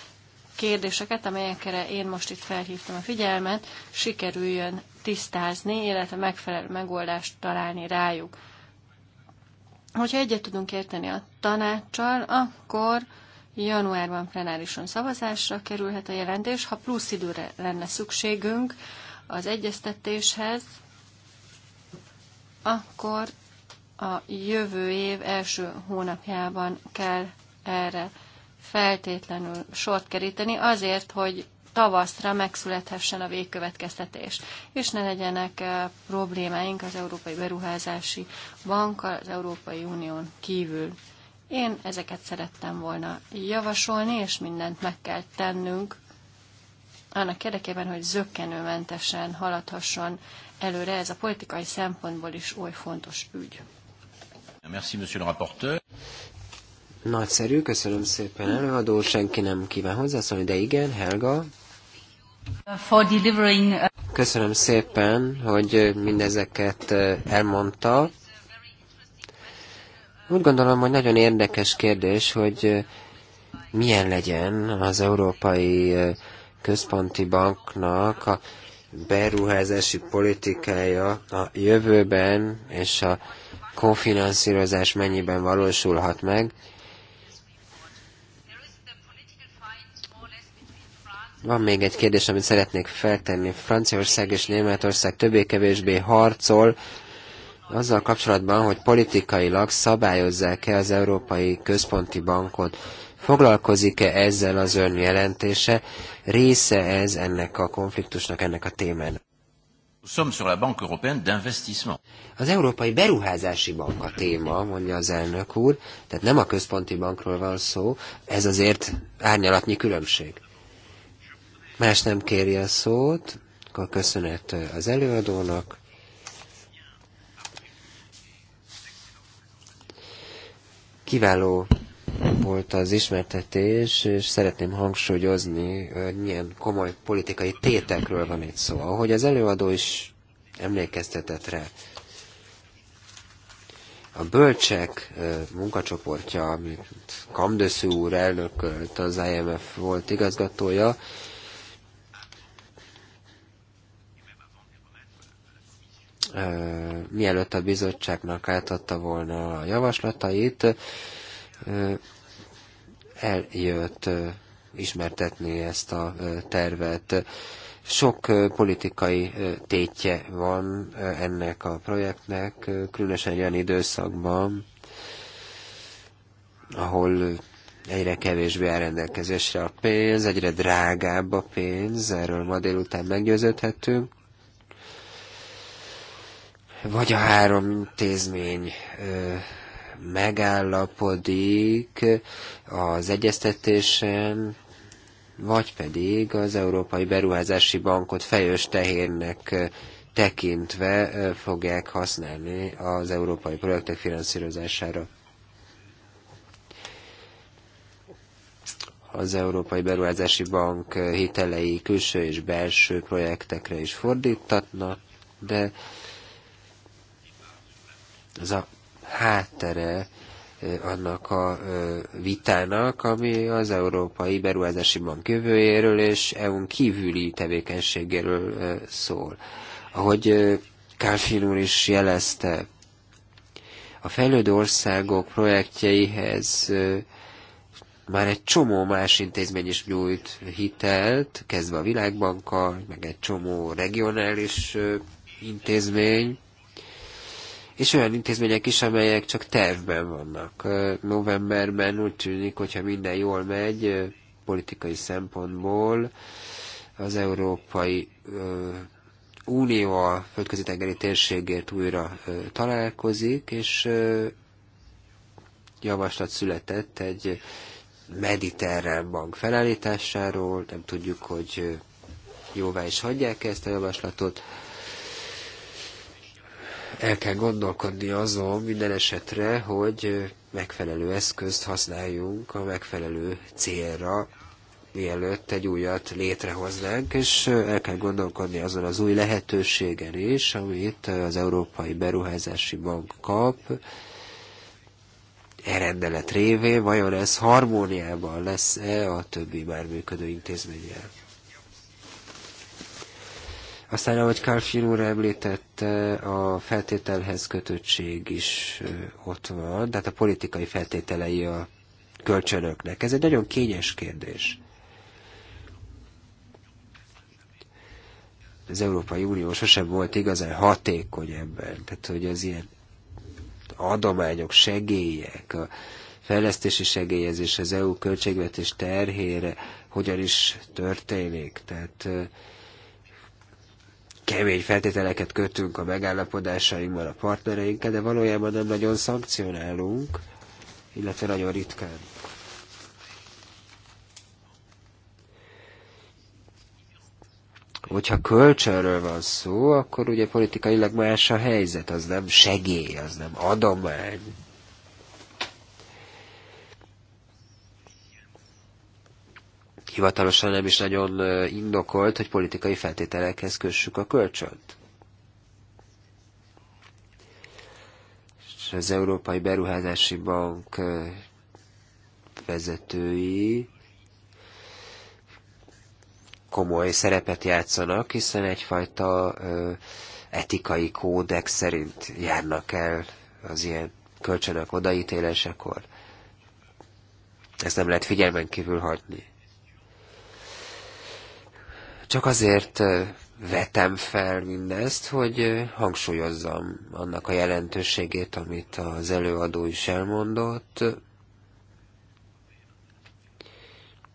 kérdéseket, amelyekre én most itt felhívtam a figyelmet, sikerüljön tisztázni, illetve megfelelő megoldást találni rájuk. Hogyha egyet tudunk érteni a tanácssal, akkor januárban plenárison szavazásra kerülhet a jelentés. Ha plusz időre lenne szükségünk az egyeztetéshez, akkor a jövő év első hónapjában kell erre feltétlenül sort keríteni azért, hogy tavaszra megszülethessen a végkövetkeztetés, és ne legyenek eh, problémáink az Európai Beruházási Bank az Európai Unión kívül. Én ezeket szerettem volna javasolni, és mindent meg kell tennünk annak érdekében, hogy zöggenőmentesen haladhasson előre ez a politikai szempontból is oly fontos ügy. Merci, monsieur le rapporteur. Nagyszerű, köszönöm szépen előadó, senki nem kíván hozzászólni, de igen, Helga. For delivering... Uh, köszönöm szépen, hogy mindezeket uh, elmondta. Úgy gondolom, hogy nagyon érdekes kérdés, hogy uh, milyen legyen az Európai Központi Banknak a beruházási politikája a jövőben, és a kofinanszírozás mennyiben valósulhat meg. Van még egy kérdés, amit szeretnék feltenni. Franciaország és Németország többé-kevésbé harcol azzal kapcsolatban, hogy politikailag szabályozzák-e az Európai Központi Bankot. Foglalkozik-e ezzel az ön jelentése? Része ez ennek a konfliktusnak, ennek a témának? Az Európai Beruházási Bank a téma, mondja az elnök úr, tehát nem a központi bankról van szó, ez azért árnyalatnyi különbség. Más nem kéri a szót, akkor köszönet az előadónak. Kiváló volt az ismertetés, és szeretném hangsúlyozni, hogy milyen komoly politikai tétekről van itt szó, ahogy az előadó is emlékeztetett rá. A bölcsek munkacsoportja, amit Kamdöszű úr elnökölt, az IMF volt igazgatója, mielőtt a bizottságnak átadta volna a javaslatait, eljött ismertetni ezt a tervet. Sok politikai tétje van ennek a projektnek, különösen olyan időszakban, ahol egyre kevésbé áll rendelkezésre a pénz, egyre drágább a pénz, erről ma délután meggyőződhetünk vagy a három intézmény megállapodik az egyeztetésen, vagy pedig az Európai Beruházási Bankot fejős tehérnek tekintve fogják használni az európai projektek finanszírozására. Az Európai Beruházási Bank hitelei külső és belső projektekre is fordítatnak, de az a háttere annak a vitának, ami az Európai Beruházási Bank jövőjéről és EU-n kívüli tevékenységéről szól. Ahogy Kálfin úr is jelezte, a fejlődő országok projektjeihez már egy csomó más intézmény is nyújt hitelt, kezdve a Világbankkal, meg egy csomó regionális intézmény, és olyan intézmények is, amelyek csak tervben vannak. Novemberben úgy tűnik, hogyha minden jól megy, politikai szempontból az Európai Unió a földközi tengeri térségért újra találkozik, és javaslat született egy mediterrán bank felállításáról, nem tudjuk, hogy jóvá is hagyják ezt a javaslatot el kell gondolkodni azon minden esetre, hogy megfelelő eszközt használjunk a megfelelő célra, mielőtt egy újat létrehoznánk, és el kell gondolkodni azon az új lehetőségen is, amit az Európai Beruházási Bank kap, e rendelet révén, vajon ez harmóniában lesz-e a többi már működő intézménnyel? Aztán, ahogy Kálfin úr említette, a feltételhez kötöttség is ott van, tehát a politikai feltételei a kölcsönöknek. Ez egy nagyon kényes kérdés. Az Európai Unió sosem volt igazán hatékony ebben. Tehát, hogy az ilyen adományok, segélyek, a fejlesztési segélyezés az EU költségvetés terhére hogyan is történik. Tehát kemény feltételeket kötünk a megállapodásainkban a partnereinkkel, de valójában nem nagyon szankcionálunk, illetve nagyon ritkán. Hogyha kölcsönről van szó, akkor ugye politikailag más a helyzet, az nem segély, az nem adomány. hivatalosan nem is nagyon indokolt, hogy politikai feltételekhez kössük a kölcsönt. És az Európai Beruházási Bank vezetői komoly szerepet játszanak, hiszen egyfajta etikai kódex szerint járnak el az ilyen kölcsönök odaítélésekor. Ezt nem lehet figyelmen kívül hagyni. Csak azért vetem fel mindezt, hogy hangsúlyozzam annak a jelentőségét, amit az előadó is elmondott.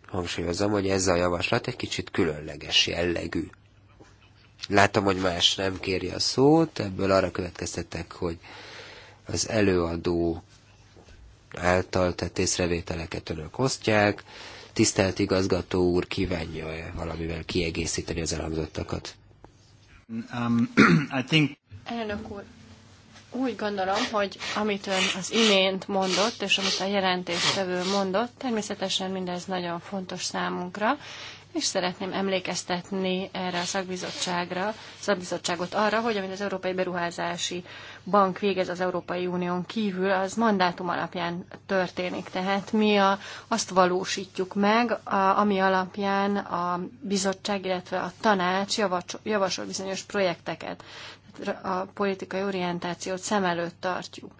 Hangsúlyozom, hogy ez a javaslat egy kicsit különleges jellegű. Látom, hogy más nem kéri a szót, ebből arra következtetek, hogy az előadó által tett észrevételeket önök osztják, Tisztelt igazgató úr, kívánja-e valamivel kiegészíteni az elhangzottakat? Um, I think... Elnök úr, úgy gondolom, hogy amit ön az imént mondott, és amit a jelentéstevő mondott, természetesen mindez nagyon fontos számunkra, és szeretném emlékeztetni erre a szakbizottságra, szakbizottságot arra, hogy amit az Európai Beruházási bank végez az Európai Unión kívül, az mandátum alapján történik. Tehát mi a, azt valósítjuk meg, a, ami alapján a bizottság, illetve a tanács javasol, javasol bizonyos projekteket. A politikai orientációt szem előtt tartjuk.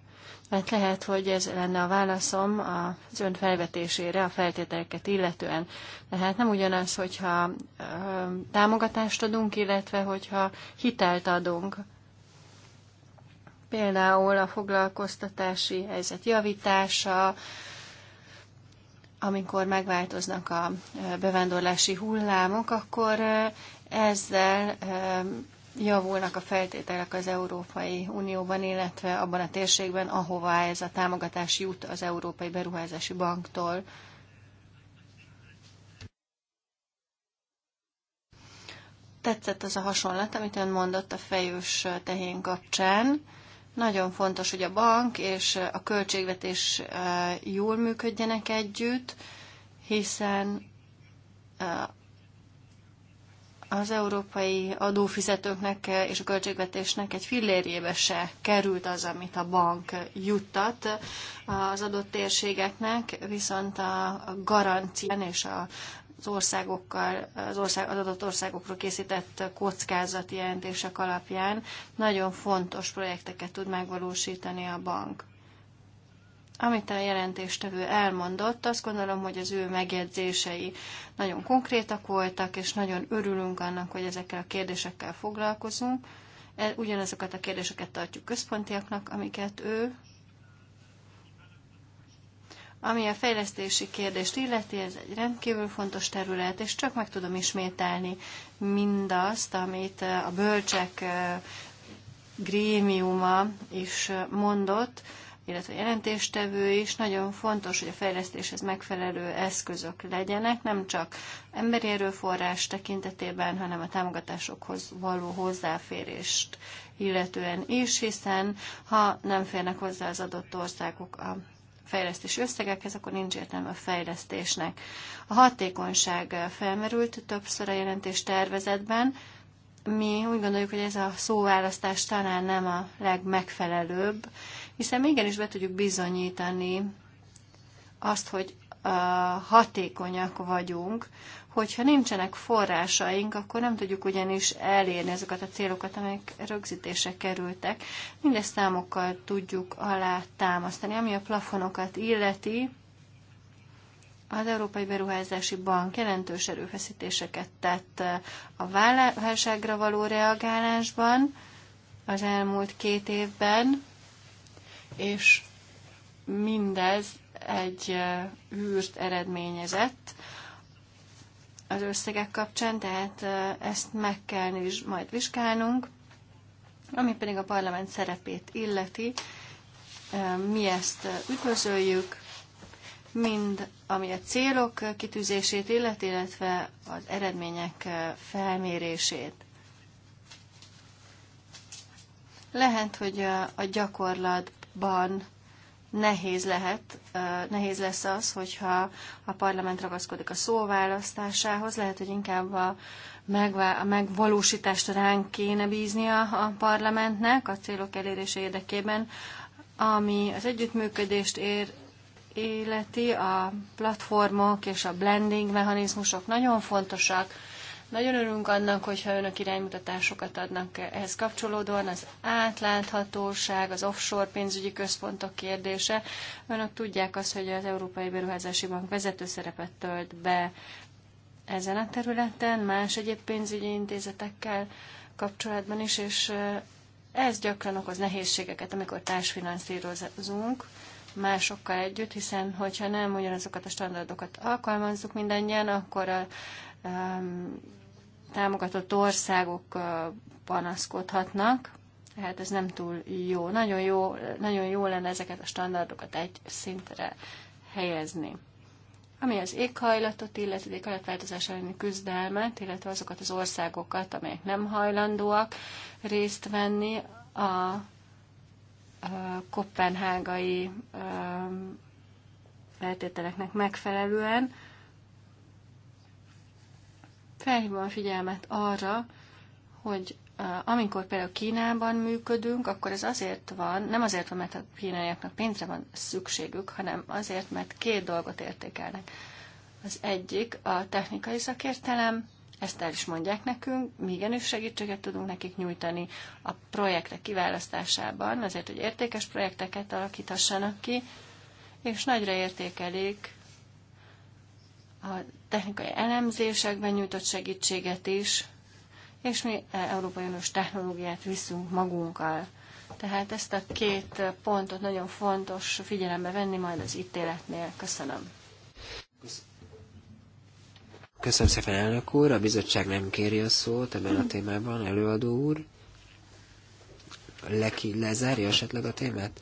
Mert lehet, hogy ez lenne a válaszom az ön felvetésére, a feltételeket illetően. Tehát nem ugyanaz, hogyha támogatást adunk, illetve hogyha hitelt adunk például a foglalkoztatási helyzet javítása, amikor megváltoznak a bevándorlási hullámok, akkor ezzel javulnak a feltételek az Európai Unióban, illetve abban a térségben, ahová ez a támogatás jut az Európai Beruházási Banktól. Tetszett az a hasonlat, amit ön mondott a fejős tehén kapcsán. Nagyon fontos, hogy a bank és a költségvetés jól működjenek együtt, hiszen az európai adófizetőknek és a költségvetésnek egy fillérjébe se került az, amit a bank juttat az adott térségeknek, viszont a garancián és a az országokkal, az, ország, az adott országokról készített kockázati jelentések alapján nagyon fontos projekteket tud megvalósítani a bank. Amit a jelentéstevő elmondott, azt gondolom, hogy az ő megjegyzései nagyon konkrétak voltak, és nagyon örülünk annak, hogy ezekkel a kérdésekkel foglalkozunk. E, ugyanazokat a kérdéseket tartjuk központiaknak, amiket ő ami a fejlesztési kérdést illeti, ez egy rendkívül fontos terület, és csak meg tudom ismételni mindazt, amit eh, a bölcsek eh, grémiuma is eh, mondott, illetve a jelentéstevő is. Nagyon fontos, hogy a fejlesztéshez megfelelő eszközök legyenek, nem csak emberi erőforrás tekintetében, hanem a támogatásokhoz való hozzáférést illetően is, hiszen ha nem férnek hozzá az adott országok a fejlesztési összegekhez, akkor nincs értelme a fejlesztésnek. A hatékonyság felmerült többször a jelentés tervezetben. Mi úgy gondoljuk, hogy ez a szóválasztás talán nem a legmegfelelőbb, hiszen még igenis be tudjuk bizonyítani azt, hogy hatékonyak vagyunk, hogyha nincsenek forrásaink, akkor nem tudjuk ugyanis elérni azokat a célokat, amelyek rögzítése kerültek. Mindezt számokkal tudjuk alá támasztani. Ami a plafonokat illeti, az Európai Beruházási Bank jelentős erőfeszítéseket tett eh, a válságra való reagálásban az elmúlt két évben, és mindez egy eh, űrt eredményezett az összegek kapcsán, tehát ezt meg kell is majd vizsgálnunk. Ami pedig a parlament szerepét illeti, mi ezt üdvözöljük, mind ami a célok kitűzését illeti, illetve az eredmények felmérését. Lehet, hogy a gyakorlatban nehéz lehet, nehéz lesz az, hogyha a parlament ragaszkodik a szóválasztásához, lehet, hogy inkább a, megvá- a megvalósítást ránk kéne bíznia a parlamentnek a célok elérése érdekében, ami az együttműködést ér, életi, a platformok és a blending mechanizmusok nagyon fontosak, nagyon örülünk annak, hogyha önök iránymutatásokat adnak ehhez kapcsolódóan, az átláthatóság, az offshore pénzügyi központok kérdése. Önök tudják azt, hogy az Európai Beruházási Bank vezető szerepet tölt be ezen a területen, más egyéb pénzügyi intézetekkel kapcsolatban is, és eh, ez gyakran okoz nehézségeket, amikor társfinanszírozunk másokkal együtt, hiszen hogyha nem ugyanazokat a standardokat alkalmazzuk mindannyian, akkor a, um, támogatott országok panaszkodhatnak, tehát ez nem túl jó. Nagyon jó, nagyon jó lenne ezeket a standardokat egy szintre helyezni. Ami az éghajlatot, illeti éghajlatváltozás elleni küzdelmet, illetve azokat az országokat, amelyek nem hajlandóak részt venni a, a kopenhágai feltételeknek megfelelően, felhívom a figyelmet arra, hogy amikor például Kínában működünk, akkor ez azért van, nem azért van, mert a kínaiaknak pénzre van szükségük, hanem azért, mert két dolgot értékelnek. Az egyik a technikai szakértelem, ezt el is mondják nekünk, mi igenis segítséget tudunk nekik nyújtani a projektek kiválasztásában, azért, hogy értékes projekteket alakíthassanak ki, és nagyra értékelik a technikai elemzésekben nyújtott segítséget is, és mi Európai Uniós technológiát viszünk magunkkal. Tehát ezt a két pontot nagyon fontos figyelembe venni majd az ítéletnél. Köszönöm. Köszönöm szépen, elnök úr. A bizottság nem kéri a szót ebben a témában, előadó úr. Leki lezárja esetleg a témát?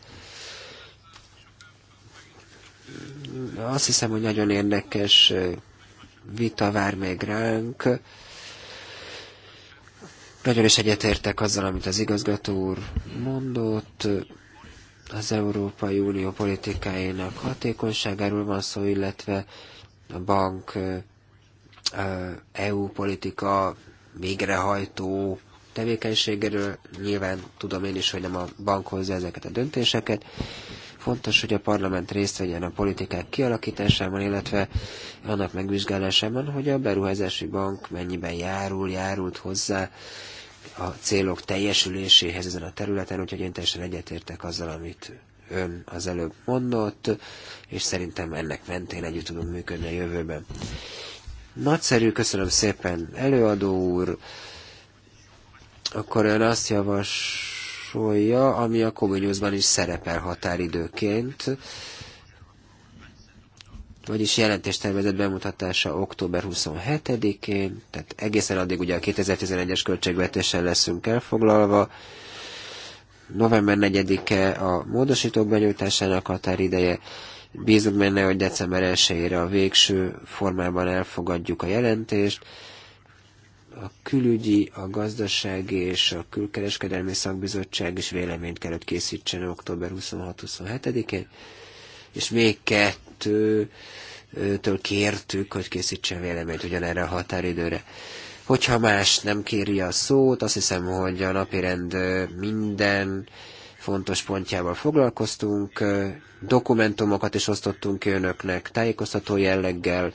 Azt hiszem, hogy nagyon érdekes vita vár még ránk. Nagyon is egyetértek azzal, amit az igazgató úr mondott. Az Európai Unió politikájának hatékonyságáról van szó, illetve a bank EU politika végrehajtó tevékenységéről. Nyilván tudom én is, hogy nem a bank hozza ezeket a döntéseket. Fontos, hogy a parlament részt vegyen a politikák kialakításában, illetve annak megvizsgálásában, hogy a beruházási bank mennyiben járul, járult hozzá a célok teljesüléséhez ezen a területen, úgyhogy én teljesen egyetértek azzal, amit ön az előbb mondott, és szerintem ennek mentén együtt tudunk működni a jövőben. Nagyszerű, köszönöm szépen, előadó úr. Akkor ön azt javas javasolja, ami a kommunizmusban is szerepel határidőként, vagyis tervezett bemutatása október 27-én, tehát egészen addig ugye a 2011-es költségvetéssel leszünk elfoglalva, november 4-e a módosítók benyújtásának határideje, bízunk benne, hogy december 1 a végső formában elfogadjuk a jelentést, a külügyi, a gazdasági és a külkereskedelmi szakbizottság is véleményt kellett készítsen október 26-27-én, és még kettőtől kértük, hogy készítsen véleményt ugyanerre a határidőre. Hogyha más nem kéri a szót, azt hiszem, hogy a napirend minden fontos pontjával foglalkoztunk, dokumentumokat is osztottunk önöknek tájékoztató jelleggel,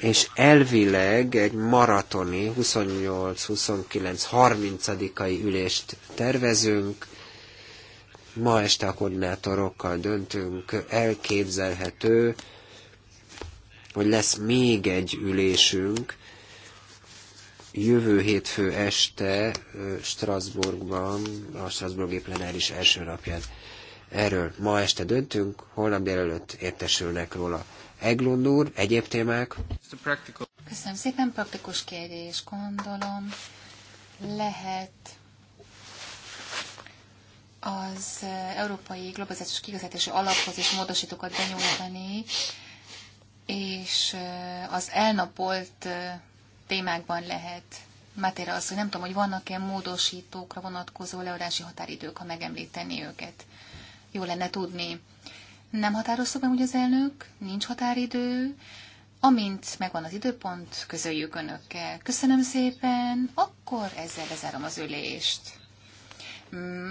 és elvileg egy maratoni 28-29-30-ai ülést tervezünk, ma este a koordinátorokkal döntünk, elképzelhető, hogy lesz még egy ülésünk jövő hétfő este Strasbourgban, a Strasbourgi plenáris első napján. Erről ma este döntünk, holnap délelőtt értesülnek róla. Eglund úr, egyéb témák? Köszönöm szépen, praktikus kérdés, gondolom. Lehet az Európai Globalizációs Kigazítási Alaphoz és módosítókat benyújtani, és az elnapolt témákban lehet. Matéra az, hogy nem tudom, hogy vannak-e módosítókra vonatkozó leadási határidők, ha megemlíteni őket. Jó lenne tudni. Nem határozta be úgy az elnök, nincs határidő. Amint megvan az időpont, közöljük önökkel. Köszönöm szépen, akkor ezzel lezárom az ülést.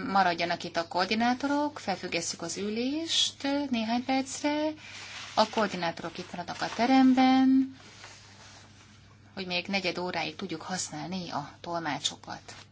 Maradjanak itt a koordinátorok, felfüggesszük az ülést néhány percre. A koordinátorok itt maradnak a teremben, hogy még negyed óráig tudjuk használni a tolmácsokat.